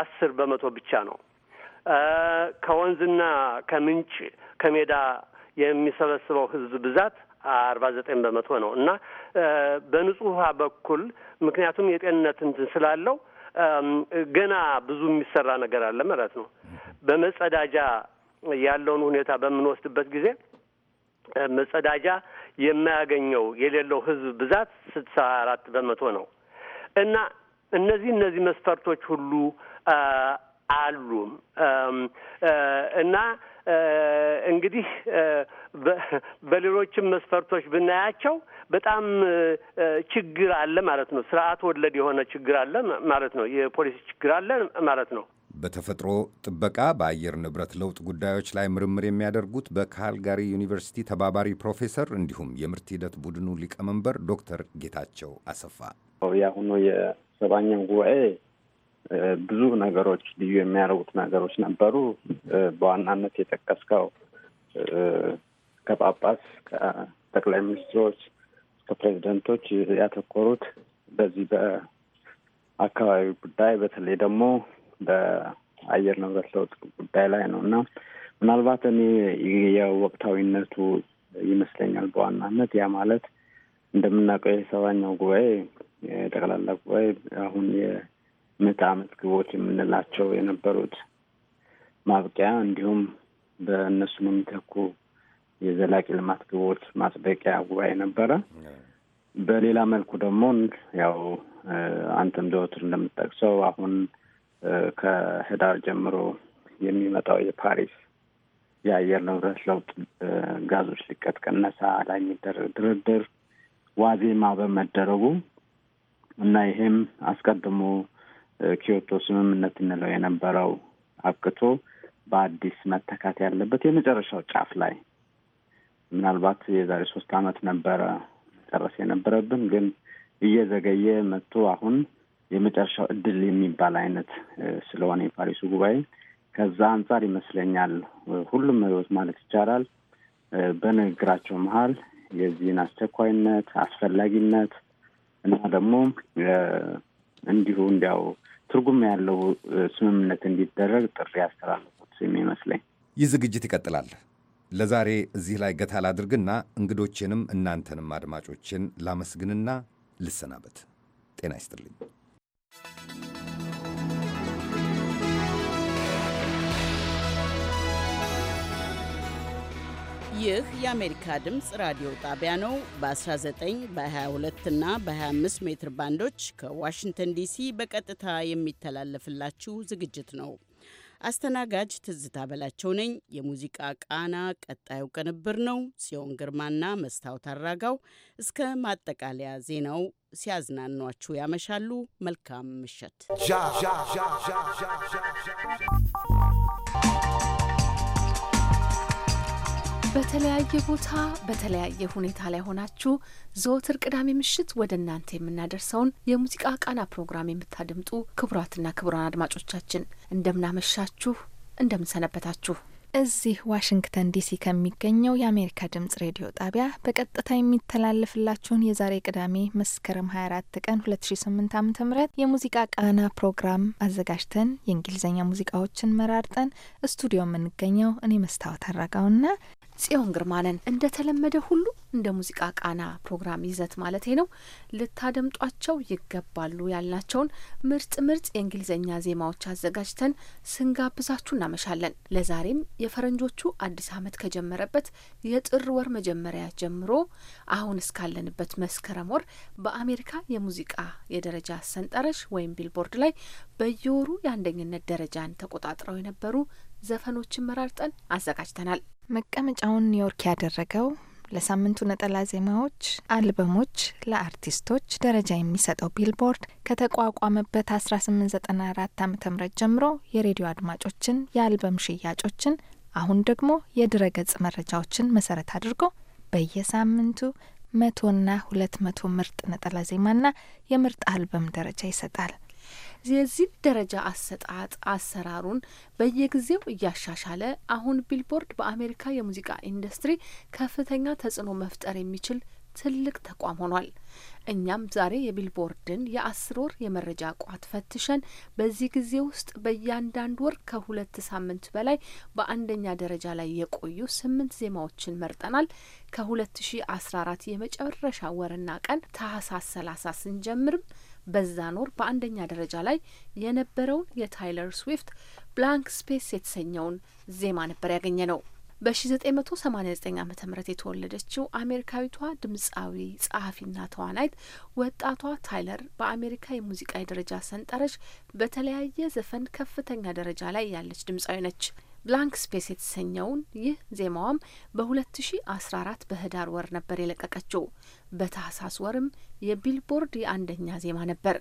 አስር በመቶ ብቻ ነው። ከወንዝና ከምንጭ ከሜዳ የሚሰበስበው ህዝብ ብዛት አርባ ዘጠኝ በመቶ ነው እና በንጹህ ውሃ በኩል ምክንያቱም የጤንነት እንትን ስላለው ገና ብዙ የሚሰራ ነገር አለ ማለት ነው። በመጸዳጃ ያለውን ሁኔታ በምንወስድበት ጊዜ መጸዳጃ የማያገኘው የሌለው ህዝብ ብዛት ስድሳ አራት በመቶ ነው እና እነዚህ እነዚህ መስፈርቶች ሁሉ አሉ እና እንግዲህ በሌሎችም መስፈርቶች ብናያቸው በጣም ችግር አለ ማለት ነው። ስርዓት ወለድ የሆነ ችግር አለ ማለት ነው። የፖሊሲ ችግር አለ ማለት ነው። በተፈጥሮ ጥበቃ በአየር ንብረት ለውጥ ጉዳዮች ላይ ምርምር የሚያደርጉት በካልጋሪ ዩኒቨርሲቲ ተባባሪ ፕሮፌሰር እንዲሁም የምርት ሂደት ቡድኑ ሊቀመንበር ዶክተር ጌታቸው አሰፋ የአሁኑ የሰባኛው ጉባኤ ብዙ ነገሮች ልዩ የሚያደርጉት ነገሮች ነበሩ። በዋናነት የጠቀስከው ከጳጳስ ከጠቅላይ ሚኒስትሮች ከፕሬዚደንቶች ያተኮሩት በዚህ በአካባቢ ጉዳይ በተለይ ደግሞ በአየር ንብረት ለውጥ ጉዳይ ላይ ነው እና ምናልባት እኔ የወቅታዊነቱ ይመስለኛል በዋናነት ያ ማለት እንደምናውቀው የሰባኛው ጉባኤ ጠቅላላ ጉባኤ አሁን ምዕተ ዓመት ግቦች የምንላቸው የነበሩት ማብቂያ እንዲሁም በእነሱን የሚተኩ የዘላቂ ልማት ግቦች ማጽደቂያ ጉባኤ ነበረ። በሌላ መልኩ ደግሞ ያው አንተም ዘወትር እንደምጠቅሰው አሁን ከህዳር ጀምሮ የሚመጣው የፓሪስ የአየር ንብረት ለውጥ ጋዞች ልቀት ላይ የሚደረግ ድርድር ዋዜማ በመደረጉ እና ይሄም አስቀድሞ ኪዮቶ ስምምነት እንለው የነበረው አብቅቶ በአዲስ መተካት ያለበት የመጨረሻው ጫፍ ላይ ምናልባት የዛሬ ሶስት ዓመት ነበረ መጨረስ የነበረብን ግን እየዘገየ መጥቶ አሁን የመጨረሻው እድል የሚባል አይነት ስለሆነ የፓሪሱ ጉባኤ ከዛ አንጻር ይመስለኛል ሁሉም መሪዎች ማለት ይቻላል በንግግራቸው መሀል የዚህን አስቸኳይነት አስፈላጊነት እና ደግሞ እንዲሁ እንዲያው ትርጉም ያለው ስምምነት እንዲደረግ ጥሪ ያስተላለፉት የሚመስለኝ። ይህ ዝግጅት ይቀጥላል። ለዛሬ እዚህ ላይ ገታ ላድርግና እንግዶችንም እናንተንም አድማጮችን ላመስግንና ልሰናበት። ጤና ይስጥልኝ። Thank you. ይህ የአሜሪካ ድምፅ ራዲዮ ጣቢያ ነው። በ19 በ22 እና በ25 ሜትር ባንዶች ከዋሽንግተን ዲሲ በቀጥታ የሚተላለፍላችሁ ዝግጅት ነው። አስተናጋጅ ትዝታ በላቸው ነኝ። የሙዚቃ ቃና ቀጣዩ ቅንብር ነው። ጽዮን ግርማና መስታወት አራጋው እስከ ማጠቃለያ ዜናው ሲያዝናኗችሁ ያመሻሉ። መልካም ምሽት። በተለያየ ቦታ በተለያየ ሁኔታ ላይ ሆናችሁ ዘወትር ቅዳሜ ምሽት ወደ እናንተ የምናደርሰውን የሙዚቃ ቃና ፕሮግራም የምታደምጡ ክቡራትና ክቡራን አድማጮቻችን እንደምናመሻችሁ፣ እንደምንሰነበታችሁ እዚህ ዋሽንግተን ዲሲ ከሚገኘው የአሜሪካ ድምጽ ሬዲዮ ጣቢያ በቀጥታ የሚተላለፍላችሁን የዛሬ ቅዳሜ መስከረም 24 ቀን 2008 ዓ.ም የሙዚቃ ቃና ፕሮግራም አዘጋጅተን የእንግሊዝኛ ሙዚቃዎችን መራርጠን ስቱዲዮ የምንገኘው እኔ መስታወት አራጋውና ጽዮን ግርማ ነን። እንደ ተለመደ ሁሉ እንደ ሙዚቃ ቃና ፕሮግራም ይዘት ማለት ነው ልታደምጧቸው ይገባሉ ያልናቸውን ምርጥ ምርጥ የእንግሊዝኛ ዜማዎች አዘጋጅተን ስንጋብዛችሁ እናመሻለን። ለዛሬም የፈረንጆቹ አዲስ ዓመት ከጀመረበት የጥር ወር መጀመሪያ ጀምሮ አሁን እስካለንበት መስከረም ወር በአሜሪካ የሙዚቃ የደረጃ ሰንጠረዥ ወይም ቢልቦርድ ላይ በየወሩ የአንደኝነት ደረጃን ተቆጣጥረው የነበሩ ዘፈኖችን መራርጠን አዘጋጅተናል። መቀመጫውን ኒውዮርክ ያደረገው ለሳምንቱ ነጠላ ዜማዎች አልበሞች ለአርቲስቶች ደረጃ የሚሰጠው ቢልቦርድ ከተቋቋመበት 1894 ዓ ም ጀምሮ የሬዲዮ አድማጮችን፣ የአልበም ሽያጮችን፣ አሁን ደግሞ የድረ-ገጽ መረጃዎችን መሰረት አድርጎ በየሳምንቱ መቶና ሁለት መቶ ምርጥ ነጠላ ዜማና የምርጥ አልበም ደረጃ ይሰጣል። የዚህ ደረጃ አሰጣጥ አሰራሩን በየጊዜው እያሻሻለ አሁን ቢልቦርድ በአሜሪካ የሙዚቃ ኢንዱስትሪ ከፍተኛ ተጽዕኖ መፍጠር የሚችል ትልቅ ተቋም ሆኗል። እኛም ዛሬ የቢልቦርድን የአስር ወር የመረጃ ቋት ፈትሸን በዚህ ጊዜ ውስጥ በእያንዳንድ ወር ከሁለት ሳምንት በላይ በአንደኛ ደረጃ ላይ የቆዩ ስምንት ዜማዎችን መርጠናል። ከሁለት ሺ አስራ አራት የመጨረሻ ወርና ቀን ታህሳስ ሰላሳ ስንጀምርም በዛን ወር በአንደኛ ደረጃ ላይ የነበረውን የታይለር ስዊፍት ብላንክ ስፔስ የተሰኘውን ዜማ ነበር ያገኘ ነው። በ1989 ዓ ም የተወለደችው አሜሪካዊቷ ድምፃዊ ጸሐፊና ተዋናይት ወጣቷ ታይለር በአሜሪካ የሙዚቃ የደረጃ ሰንጠረዥ በተለያየ ዘፈን ከፍተኛ ደረጃ ላይ ያለች ድምፃዊ ነች። ብላንክ ስፔስ የተሰኘውን ይህ ዜማዋም በ2014 በህዳር ወር ነበር የለቀቀችው። በታህሳስ ወርም የቢልቦርድ የአንደኛ ዜማ ነበር።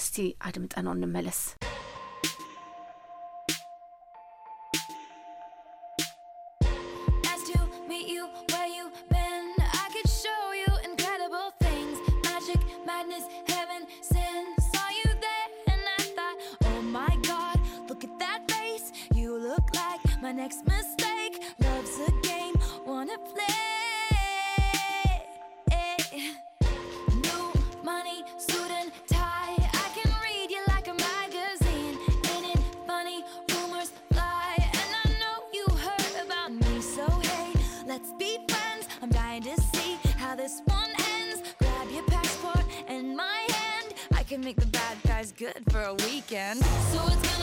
እስቲ አድምጠነው እንመለስ። next mistake. Love's a game, wanna play. New money, suit and tie. I can read you like a magazine. Ain't it funny? Rumors fly, and I know you heard about me. So hey, let's be friends. I'm dying to see how this one ends. Grab your passport and my hand. I can make the bad guys good for a weekend. So it's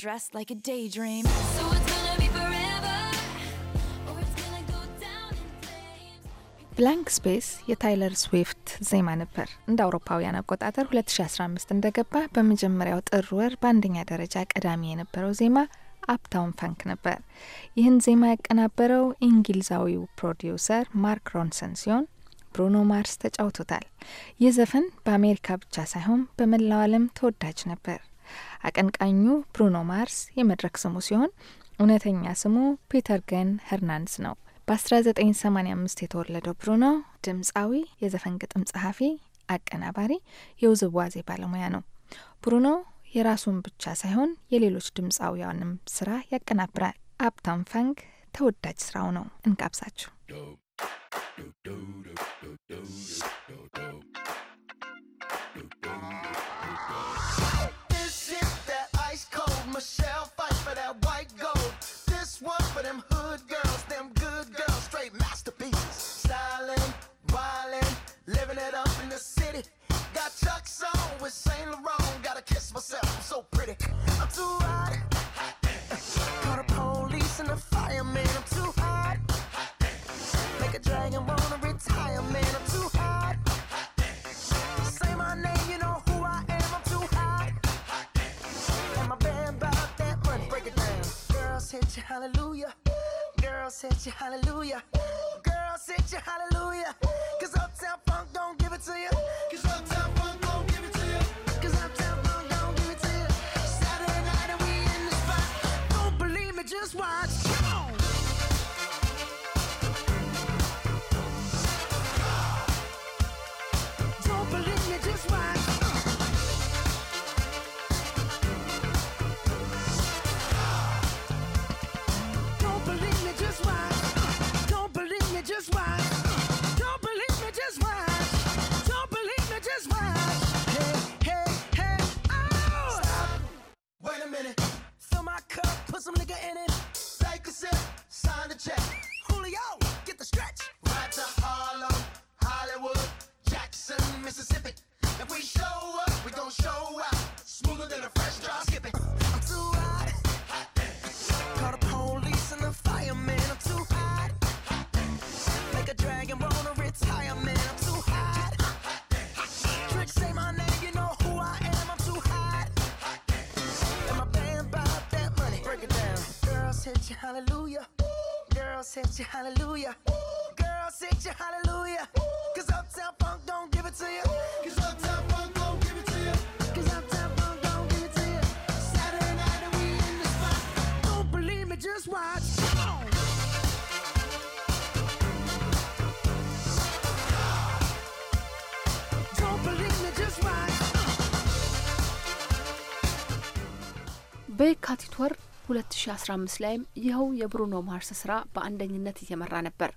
dressed like a daydream. So ብላንክ ስፔስ የታይለር ስዊፍት ዜማ ነበር። እንደ አውሮፓውያን አቆጣጠር 2015 እንደገባ በመጀመሪያው ጥር ወር በአንደኛ ደረጃ ቀዳሚ የነበረው ዜማ አፕታውን ፈንክ ነበር። ይህን ዜማ ያቀናበረው እንግሊዛዊው ፕሮዲውሰር ማርክ ሮንሰን ሲሆን ብሩኖ ማርስ ተጫውቶታል። ይህ ዘፈን በአሜሪካ ብቻ ሳይሆን በመላው ዓለም ተወዳጅ ነበር። አቀንቃኙ ብሩኖ ማርስ የመድረክ ስሙ ሲሆን እውነተኛ ስሙ ፒተር ገን ሄርናንድስ ነው። በ1985 የተወለደው ብሩኖ ድምፃዊ፣ የዘፈን ግጥም ጸሐፊ፣ አቀናባሪ፣ የውዝዋዜ ባለሙያ ነው። ብሩኖ የራሱን ብቻ ሳይሆን የሌሎች ድምፃዊያንም ስራ ያቀናብራል። አፕታውን ፋንክ ተወዳጅ ስራው ነው። እንጋብዛችሁ። Michelle, fights for that white gold. This one for them hood girls, them good girls, straight masterpieces. Styling, wildin', living it up in the city. Got Chuck's on with Saint Laurent. Gotta kiss myself, I'm so pretty. I'm too hot. hot Call the police and the fireman. I'm too hot. Make a dragon wanna retire, man. I'm said you hallelujah. Girl said you hallelujah. Girl said you hallelujah. Cause Uptown Funk don't give it to you. Cause Uptown hallelujah. 2015 ላይም ይኸው የብሩኖ ማርስ ስራ በአንደኝነት እየመራ ነበር።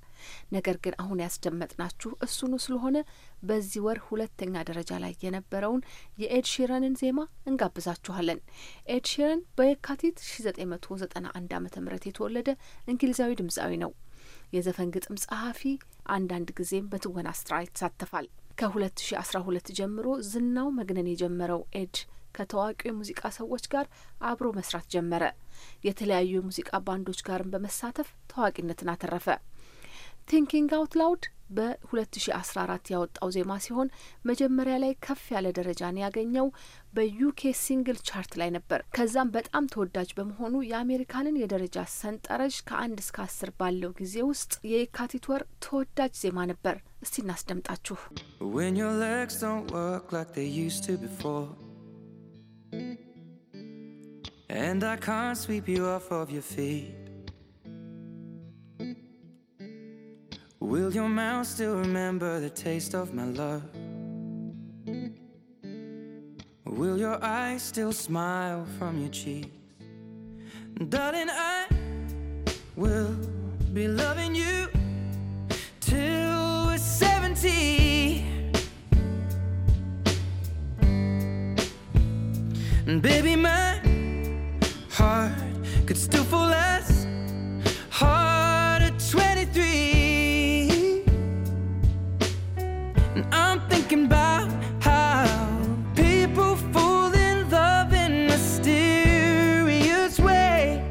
ነገር ግን አሁን ያስደመጥናችሁ እሱኑ ስለሆነ በዚህ ወር ሁለተኛ ደረጃ ላይ የነበረውን የኤድ ሺረንን ዜማ እንጋብዛችኋለን። ኤድ ሺረን በየካቲት 1991 ዓ ም የተወለደ እንግሊዛዊ ድምፃዊ ነው። የዘፈን ግጥም ጸሐፊ፣ አንዳንድ ጊዜም በትወና ስራ ይሳተፋል። ከ2012 ጀምሮ ዝናው መግነን የጀመረው ኤድ ከታዋቂ የሙዚቃ ሰዎች ጋር አብሮ መስራት ጀመረ። የተለያዩ የሙዚቃ ባንዶች ጋርም በመሳተፍ ታዋቂነትን አተረፈ። ቲንኪንግ አውት ላውድ በ2014 ያወጣው ዜማ ሲሆን መጀመሪያ ላይ ከፍ ያለ ደረጃን ያገኘው በዩኬ ሲንግል ቻርት ላይ ነበር። ከዛም በጣም ተወዳጅ በመሆኑ የአሜሪካንን የደረጃ ሰንጠረዥ ከአንድ እስከ አስር ባለው ጊዜ ውስጥ የካቲት ወር ተወዳጅ ዜማ ነበር። እስቲ እናስደምጣችሁ። When your legs don't work like they used to before And I can't sweep you off of your feet. Will your mouth still remember the taste of my love? Will your eyes still smile from your cheeks? Darling, I will be loving you till we're 70. And baby, my heart could still fool less heart at 23. And I'm thinking about how people fall in love in mysterious ways.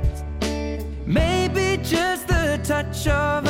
Maybe just the touch of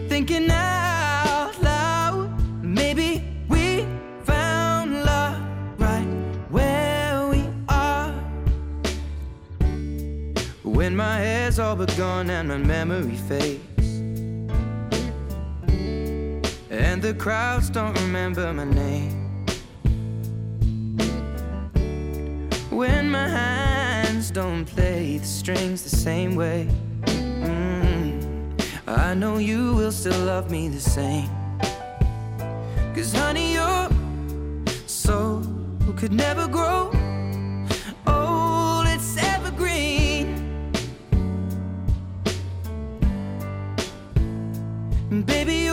thinking out loud. Maybe we found love right where we are. When my hair's all but gone and my memory fades, and the crowds don't remember my name. When my hands don't play the strings the same way. I know you will still love me the same. Cause honey, your soul could never grow old, it's evergreen. baby,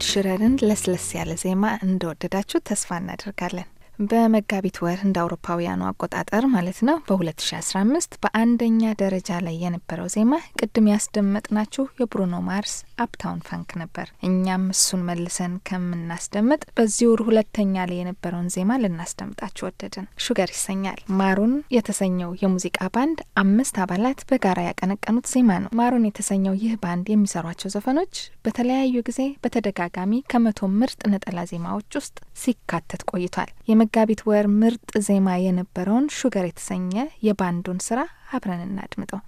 ኤድ ሽረርን ለስለስ ያለ ዜማ እንደወደዳችሁ ተስፋ እናደርጋለን። በመጋቢት ወር እንደ አውሮፓውያኑ አቆጣጠር ማለት ነው በ2015 በአንደኛ ደረጃ ላይ የነበረው ዜማ ቅድም ያስደመጥናችሁ የብሩኖ ማርስ አፕታውን ፋንክ ነበር። እኛም እሱን መልሰን ከምናስደምጥ በዚህ ወር ሁለተኛ ላይ የነበረውን ዜማ ልናስደምጣችሁ ወደድን። ሹገር ይሰኛል። ማሩን የተሰኘው የሙዚቃ ባንድ አምስት አባላት በጋራ ያቀነቀኑት ዜማ ነው። ማሩን የተሰኘው ይህ ባንድ የሚሰሯቸው ዘፈኖች በተለያዩ ጊዜ በተደጋጋሚ ከመቶ ምርጥ ነጠላ ዜማዎች ውስጥ ሲካተት ቆይቷል። የመጋቢት ወር ምርጥ ዜማ የነበረውን ሹገር የተሰኘ የባንዱን ስራ አብረን እናድምጠው።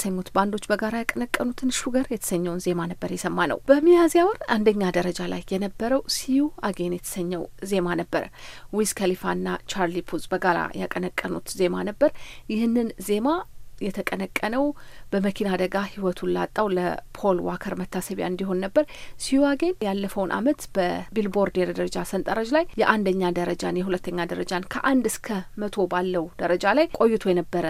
የተሰኙት ባንዶች በጋራ ያቀነቀኑትን ሹገር የተሰኘውን ዜማ ነበር የሰማ ነው። በሚያዝያ ወር አንደኛ ደረጃ ላይ የነበረው ሲዩ አጌን የተሰኘው ዜማ ነበር። ዊዝ ከሊፋና ቻርሊ ፑዝ በጋራ ያቀነቀኑት ዜማ ነበር። ይህንን ዜማ የተቀነቀነው በመኪና አደጋ ህይወቱን ላጣው ለፖል ዋከር መታሰቢያ እንዲሆን ነበር። ሲዋጌን ያለፈውን አመት በቢልቦርድ የደረጃ ሰንጠረዥ ላይ የአንደኛ ደረጃን የሁለተኛ ደረጃን ከአንድ እስከ መቶ ባለው ደረጃ ላይ ቆይቶ የነበረ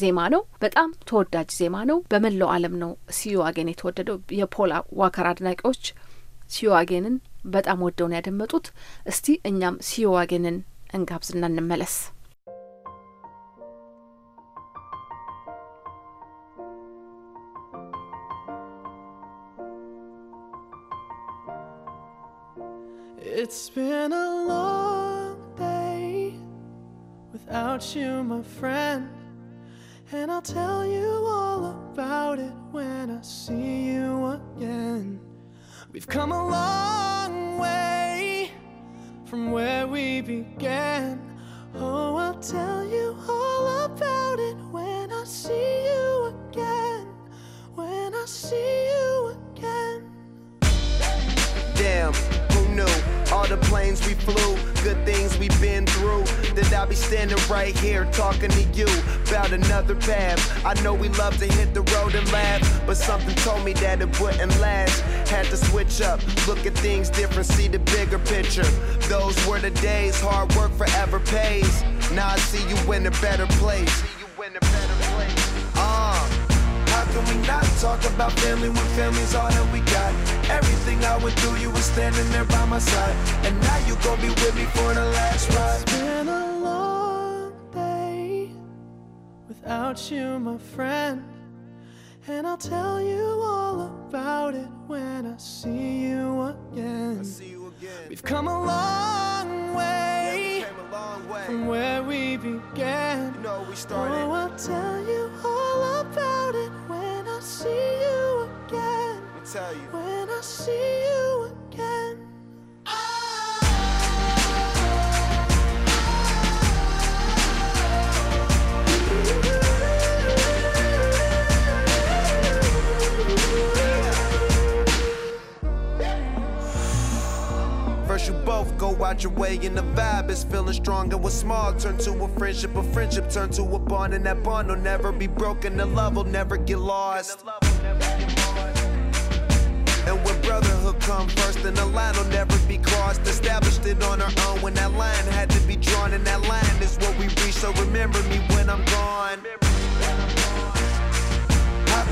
ዜማ ነው። በጣም ተወዳጅ ዜማ ነው። በመላው ዓለም ነው ሲዩ አጌን የተወደደው። የፖል ዋከር አድናቂዎች ሲዩ አጌንን በጣም ወደውን ያደመጡት። እስቲ እኛም ሲዩ አጌንን እንጋብዝና እንመለስ። It's been a long day without you, my friend. And I'll tell you all about it when I see you again. We've come a long way from where we began. Oh, I'll tell you all about it when I see you again. When I see you again. Damn, who knew? All the planes we flew, good things we've been through that I'll be standing right here talking to you about another path. I know we love to hit the road and laugh, but something told me that it wouldn't last. Had to switch up, look at things different, see the bigger picture. Those were the days, hard work forever pays. Now I see you in a better place. Uh, how can we not talk about family when family's all that we got? Everything I went through, you were standing there by my side. And now you gon' be with me for the last ride. about you, my friend. And I'll tell you all about it when I see you again. See you again. We've come a long way, yeah, we a long way. from where we began. You know, we started. Oh, I'll tell you all about it when I see you again. When I see you again. you both go out your way and the vibe is feeling strong and what's small turn to a friendship, a friendship turn to a bond and that bond will never be broken, the love will never get lost. And when brotherhood come first, then the line will never be crossed. Established it on our own when that line had to be drawn, and that line is what we reach. So remember me when I'm gone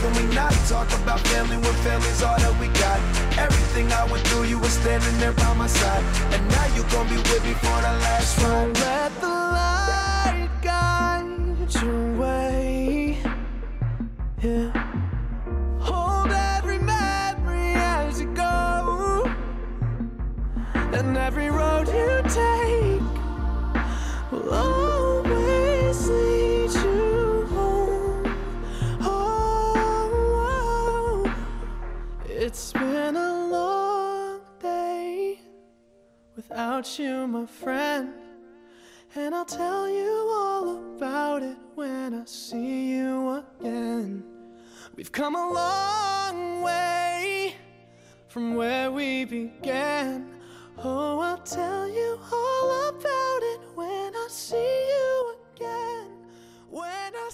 can we not talk about family when family's all that we got? Everything I went through, you were standing there by my side. And now you gon' be with me for the last ride. So let the light guide your way. Yeah. Hold every memory as you go. And every road you take. about you, my friend. And I'll tell you all about it when I see you again. We've come a long way from where we began. Oh, I'll tell you all about it when I see you again.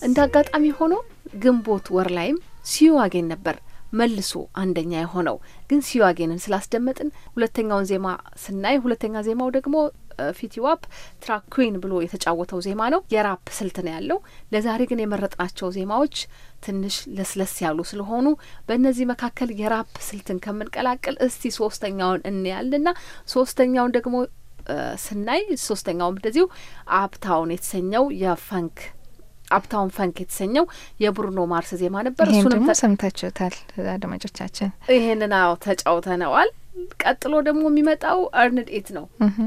እንዳጋጣሚ ሆኖ ግንቦት ወር ላይም ሲዩ አገኝ ነበር መልሶ አንደኛ የሆነው ግን ሲዋጌንን ስላስደመጥን ሁለተኛውን ዜማ ስናይ ሁለተኛ ዜማው ደግሞ ፊቲዋፕ ትራክ ኩዊን ብሎ የተጫወተው ዜማ ነው። የራፕ ስልት ነው ያለው። ለዛሬ ግን የመረጥናቸው ዜማዎች ትንሽ ለስለስ ያሉ ስለሆኑ በእነዚህ መካከል የራፕ ስልትን ከምንቀላቅል እስቲ ሶስተኛውን እንያልና ሶስተኛውን ደግሞ ስናይ ሶስተኛውም እንደዚሁ አፕታውን የተሰኘው የፈንክ አፕታውን ፈንክ የተሰኘው የብሩኖ ማርስ ዜማ ነበር። እሱን ደግሞ ሰምታችሁታል አድማጮቻችን፣ ይሄንን አዎ ተጫውተነዋል። ቀጥሎ ደግሞ የሚመጣው እርንድ ኢት ነው።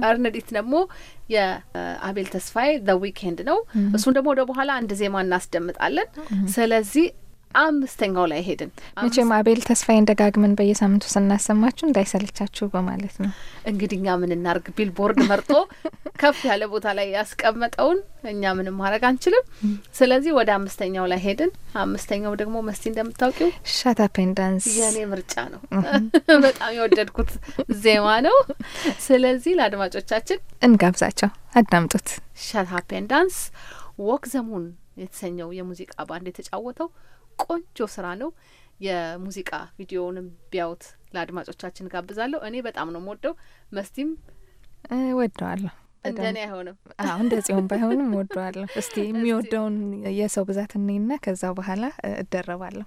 እርንድ ኢት ደግሞ የአቤል ተስፋዬ ዘ ዊኬንድ ነው። እሱን ደግሞ ወደ በኋላ አንድ ዜማ እናስደምጣለን። ስለዚህ አምስተኛው ላይ ሄድን። መቼም አቤል ተስፋዬን ደጋግመን በየሳምንቱ ስናሰማችሁ እንዳይሰልቻችሁ በማለት ነው። እንግዲህ እኛ ምን እናርግ? ቢልቦርድ መርጦ <laughs> ከፍ ያለ ቦታ ላይ ያስቀመጠውን እኛ ምንም ማድረግ አንችልም። ስለዚህ ወደ አምስተኛው ላይ ሄድን። አምስተኛው ደግሞ መስቲ እንደምታውቂው ሻታፔንዳንስ የኔ ምርጫ ነው። <laughs> በጣም የወደድኩት ዜማ ነው። ስለዚህ ለአድማጮቻችን እንጋብዛቸው፣ አዳምጡት። ዳንስ ወክ ዘሙን የተሰኘው የሙዚቃ ባንድ የተጫወተው ቆንጆ ስራ ነው። የሙዚቃ ቪዲዮውንም ቢያዩት ለአድማጮቻችን ጋብዛለሁ። እኔ በጣም ነው ወደው መስቲም ወደዋለሁ። እንደኔ አይሆንም። አዎ እንደ ባይሆንም ወደዋለሁ። እስቲ የሚወደውን የሰው ብዛት እኔና ከዛ በኋላ እደረባለሁ።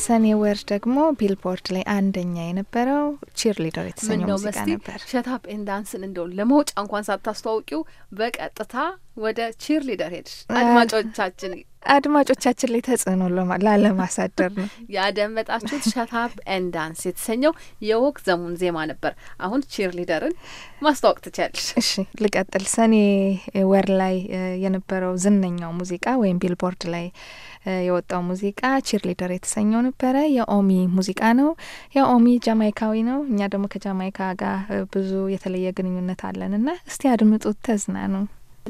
በሰኔ ወር ደግሞ ቢልቦርድ ላይ አንደኛ የነበረው ቺርሊደር ሊደር የተሰኘው ሙዚቃ ነበር። ሸታፕ ኤንዳንስን ዳንስን ለመውጫ እንኳን ሳታስተዋውቂው በቀጥታ ወደ ቺርሊደር ሊደር ሄድሽ። አድማጮቻችን አድማጮቻችን ላይ ተጽዕኖ ላለማሳደር ነው። <laughs> ያደመጣችሁት ሸታፕ ኤን ዳንስ የተሰኘው የወቅ ዘሙን ዜማ ነበር። አሁን ቺር ሊደርን ማስታወቅ ትችያለሽ። እሺ ልቀጥል። ሰኔ ወር ላይ የነበረው ዝነኛው ሙዚቃ ወይም ቢልቦርድ ላይ የወጣው ሙዚቃ ቺር ሊደር የተሰኘው ነበረ። የኦሚ ሙዚቃ ነው። የኦሚ ጃማይካዊ ነው። እኛ ደግሞ ከጃማይካ ጋር ብዙ የተለየ ግንኙነት አለንና እስቲ አድምጡት፣ ተዝናኑ።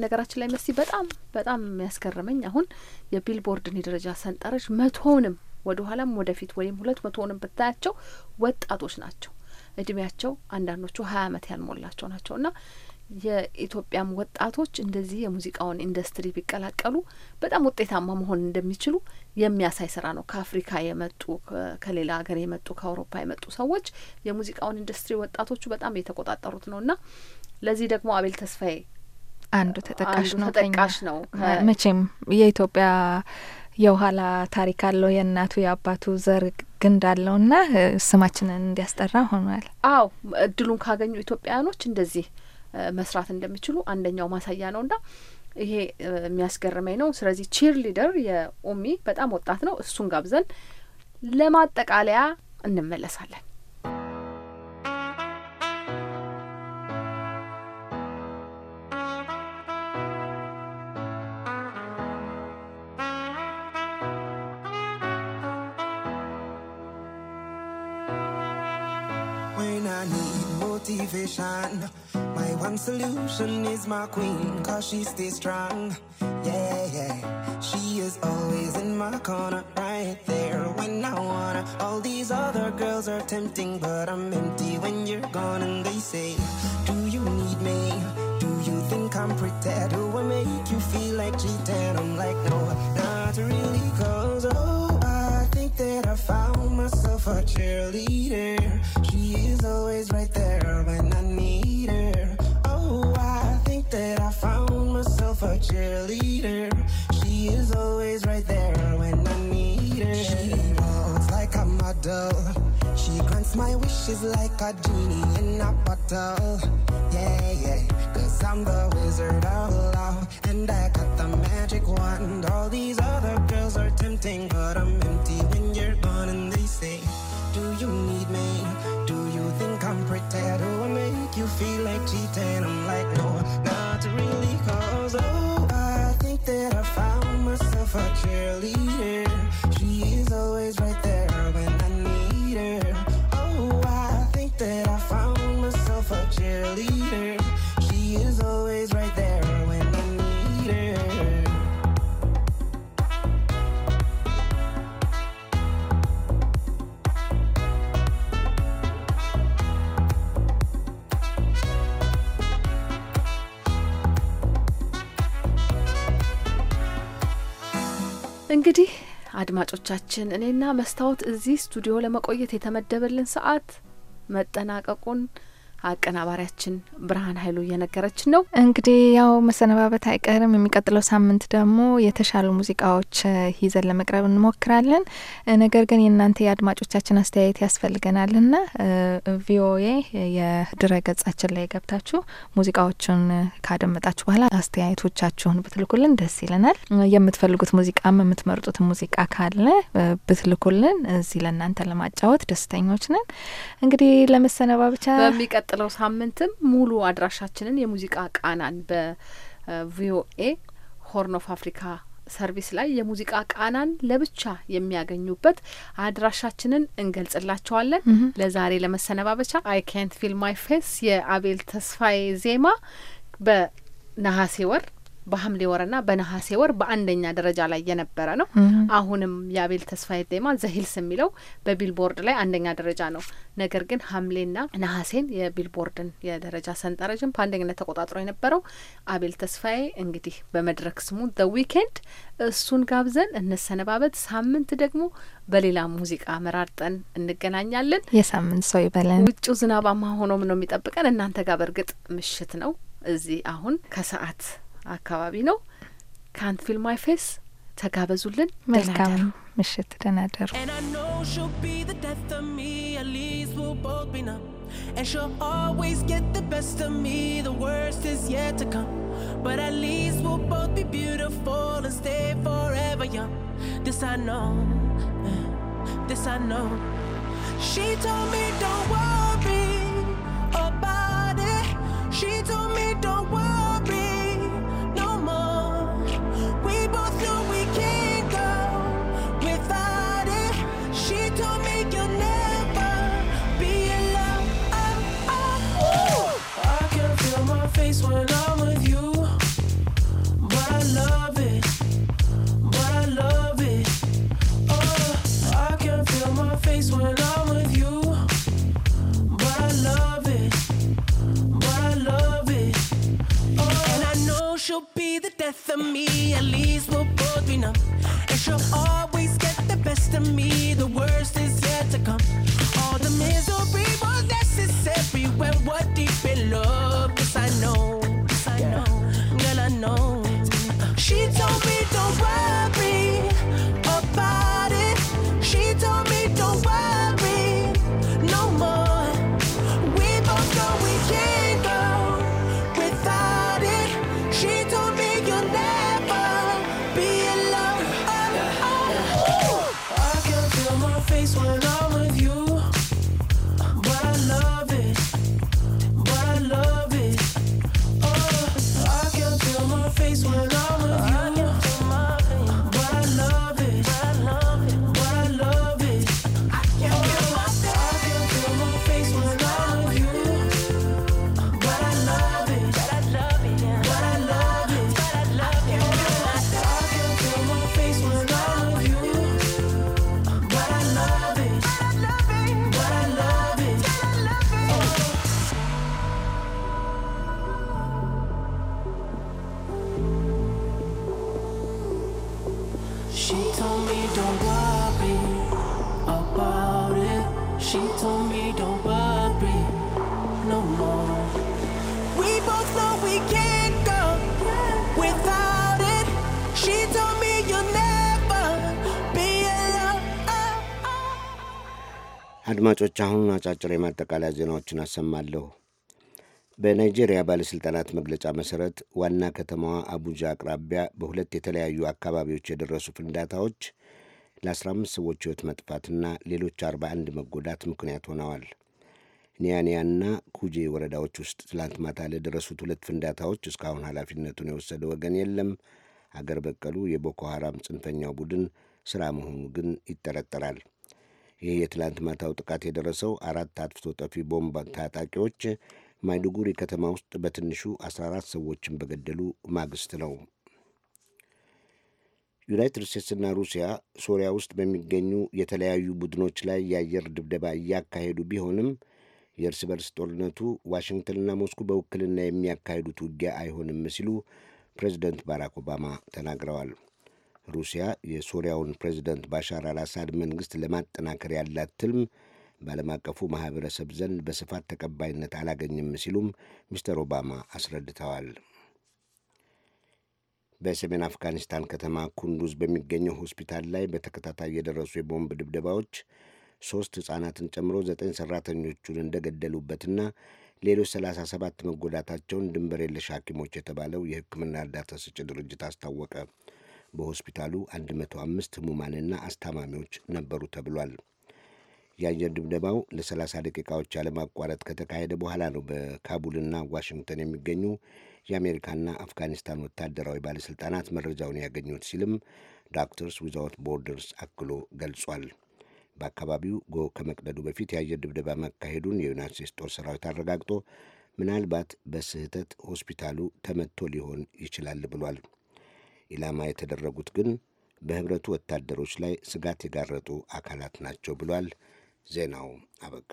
ነገራችን ላይ መሲ በጣም በጣም የሚያስገርመኝ አሁን የቢልቦርድን የደረጃ ሰንጠረዥ መቶውንም ወደ ኋላም ወደፊት ወይም ሁለት መቶውንም ብታያቸው ወጣቶች ናቸው። እድሜያቸው አንዳንዶቹ ሀያ አመት ያልሞላቸው ናቸው እና የኢትዮጵያም ወጣቶች እንደዚህ የሙዚቃውን ኢንዱስትሪ ቢቀላቀሉ በጣም ውጤታማ መሆን እንደሚችሉ የሚያሳይ ስራ ነው። ከአፍሪካ የመጡ ከሌላ ሀገር የመጡ ከአውሮፓ የመጡ ሰዎች የሙዚቃውን ኢንዱስትሪ ወጣቶቹ በጣም የተቆጣጠሩት ነው እና ለዚህ ደግሞ አቤል ተስፋዬ አንዱ ተጠቃሽ ነው ተጠቃሽ ነው። መቼም የኢትዮጵያ የኋላ ታሪክ አለው የእናቱ የአባቱ ዘር ግንድ አለው እና ስማችንን እንዲያስጠራ ሆኗል። አዎ እድሉን ካገኙ ኢትዮጵያውያኖች እንደዚህ መስራት እንደሚችሉ አንደኛው ማሳያ ነው እና ይሄ የሚያስገርመኝ ነው። ስለዚህ ቺር ሊደር የኦሚ በጣም ወጣት ነው። እሱን ጋብዘን ለማጠቃለያ እንመለሳለን። My one solution is my queen, cause she stays strong. Yeah, yeah. She is always in my corner, right there when I wanna. All these other girls are tempting, but I'm empty when you're gone. And they say, Do you need me? Do you think I'm pretty? Do I make you feel like cheating? I'm like, No, not really, cause oh, I think that I found myself a cheerleader she is always right there when I need her. Oh, I think that I found myself a cheerleader. She is always right there when I need her. She walks like a model. She grants my wishes like a genie in a bottle. Yeah, yeah. Cause I'm the wizard of love. And I got the magic wand. All these other girls are tempting, but I'm empty when you're gone and they say, Do you need me? I'm pretty Oh, I make you feel like cheating. I'm like, no, not really, cause oh, I think that I found myself a cheerleader. She is always right there when እንግዲህ አድማጮቻችን እኔና መስታወት እዚህ ስቱዲዮ ለመቆየት የተመደበልን ሰዓት መጠናቀቁን አቀናባሪያችን ብርሃን ኃይሉ እየነገረችን ነው። እንግዲህ ያው መሰነባበት አይቀርም። የሚቀጥለው ሳምንት ደግሞ የተሻሉ ሙዚቃዎች ይዘን ለመቅረብ እንሞክራለን። ነገር ግን የእናንተ የአድማጮቻችን አስተያየት ያስፈልገናልና ቪኦኤ የድረ ገጻችን ላይ ገብታችሁ ሙዚቃዎቹን ካደመጣችሁ በኋላ አስተያየቶቻችሁን ብትልኩልን ደስ ይለናል። የምትፈልጉት ሙዚቃም የምትመርጡት ሙዚቃ ካለ ብትልኩልን እዚህ ለእናንተ ለማጫወት ደስተኞች ነን። እንግዲህ ለመሰነባበቻ በሚቀጥለው ሳምንትም ሙሉ አድራሻችንን የሙዚቃ ቃናን በቪኦኤ ሆርን ኦፍ አፍሪካ ሰርቪስ ላይ የሙዚቃ ቃናን ለብቻ የሚያገኙበት አድራሻችንን እንገልጽላቸዋለን። ለዛሬ ለመሰነባበቻ አይ ካንት ፊል ማይ ፌስ የአቤል ተስፋዬ ዜማ በነሐሴ ወር በሐምሌ ወርና በነሐሴ ወር በአንደኛ ደረጃ ላይ የነበረ ነው። አሁንም የአቤል ተስፋዬ ዜማ ዘሂልስ የሚለው በቢልቦርድ ላይ አንደኛ ደረጃ ነው። ነገር ግን ሐምሌና ነሐሴን የቢልቦርድን የደረጃ ሰንጠረዥን በአንደኝነት ተቆጣጥሮ የነበረው አቤል ተስፋዬ እንግዲህ በመድረክ ስሙ ዘ ዊኬንድ እሱን ጋብዘን እንሰነባበት። ሳምንት ደግሞ በሌላ ሙዚቃ መራርጠን እንገናኛለን። የሳምንት ሰው ይበለን። ውጭው ዝናባማ ሆኖም ነው የሚጠብቀን። እናንተ ጋር በእርግጥ ምሽት ነው። እዚህ አሁን ከሰዓት አካባቢ ነው። ካንት ፊል ማይ ፌስ ተጋበዙልን። መልካም ምሽት፣ ደህና And she'll always get the best of me, the worst is yet to come. But at least we'll both be beautiful and stay forever young. This I know, this I know. She told me, don't worry about. አድማጮች አሁን አጫጭር የማጠቃለያ ዜናዎችን አሰማለሁ። በናይጄሪያ ባለሥልጣናት መግለጫ መሠረት ዋና ከተማዋ አቡጃ አቅራቢያ በሁለት የተለያዩ አካባቢዎች የደረሱ ፍንዳታዎች ለ15 ሰዎች ሕይወት መጥፋትና ሌሎች 41 መጎዳት ምክንያት ሆነዋል። ኒያንያና ኩጄ ወረዳዎች ውስጥ ትላንት ማታ ለደረሱት ሁለት ፍንዳታዎች እስካሁን ኃላፊነቱን የወሰደ ወገን የለም። አገር በቀሉ የቦኮ ሐራም ጽንፈኛው ቡድን ሥራ መሆኑ ግን ይጠረጠራል። ይህ የትላንት ማታው ጥቃት የደረሰው አራት አጥፍቶ ጠፊ ቦምብ ታጣቂዎች ማይዱጉሪ ከተማ ውስጥ በትንሹ 14 ሰዎችን በገደሉ ማግስት ነው። ዩናይትድ ስቴትስና ሩሲያ ሶሪያ ውስጥ በሚገኙ የተለያዩ ቡድኖች ላይ የአየር ድብደባ እያካሄዱ ቢሆንም የእርስ በርስ ጦርነቱ ዋሽንግተንና ሞስኩ በውክልና የሚያካሂዱት ውጊያ አይሆንም ሲሉ ፕሬዚደንት ባራክ ኦባማ ተናግረዋል። ሩሲያ የሶሪያውን ፕሬዚደንት ባሻር አልአሳድ መንግስት ለማጠናከር ያላት ትልም በዓለም አቀፉ ማህበረሰብ ዘንድ በስፋት ተቀባይነት አላገኝም ሲሉም ሚስተር ኦባማ አስረድተዋል። በሰሜን አፍጋኒስታን ከተማ ኩንዱዝ በሚገኘው ሆስፒታል ላይ በተከታታይ የደረሱ የቦምብ ድብደባዎች ሦስት ሕፃናትን ጨምሮ ዘጠኝ ሠራተኞቹን እንደገደሉበትና ሌሎች 37 መጎዳታቸውን ድንበር የለሽ ሐኪሞች የተባለው የሕክምና እርዳታ ሰጪ ድርጅት አስታወቀ። በሆስፒታሉ 105 ሕሙማንና አስታማሚዎች ነበሩ ተብሏል። የአየር ድብደባው ለ30 ደቂቃዎች አለማቋረጥ ከተካሄደ በኋላ ነው በካቡልና ዋሽንግተን የሚገኙ የአሜሪካና አፍጋኒስታን ወታደራዊ ባለሥልጣናት መረጃውን ያገኙት ሲልም ዶክተርስ ዊዛውት ቦርደርስ አክሎ ገልጿል። በአካባቢው ጎ ከመቅደዱ በፊት የአየር ድብደባ መካሄዱን የዩናይት ስቴትስ ጦር ሰራዊት አረጋግጦ ምናልባት በስህተት ሆስፒታሉ ተመቶ ሊሆን ይችላል ብሏል። ኢላማ የተደረጉት ግን በህብረቱ ወታደሮች ላይ ስጋት የጋረጡ አካላት ናቸው ብሏል። ዜናው አበቃ።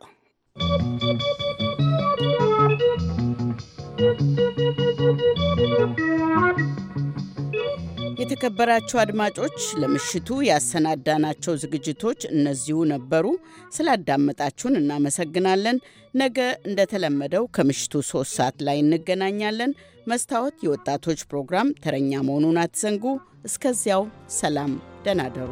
የተከበራችሁ አድማጮች ለምሽቱ ያሰናዳናቸው ዝግጅቶች እነዚሁ ነበሩ። ስላዳመጣችሁን እናመሰግናለን። ነገ እንደተለመደው ከምሽቱ ሶስት ሰዓት ላይ እንገናኛለን። መስታወት የወጣቶች ፕሮግራም ተረኛ መሆኑን አትዘንጉ። እስከዚያው ሰላም፣ ደህና ደሩ።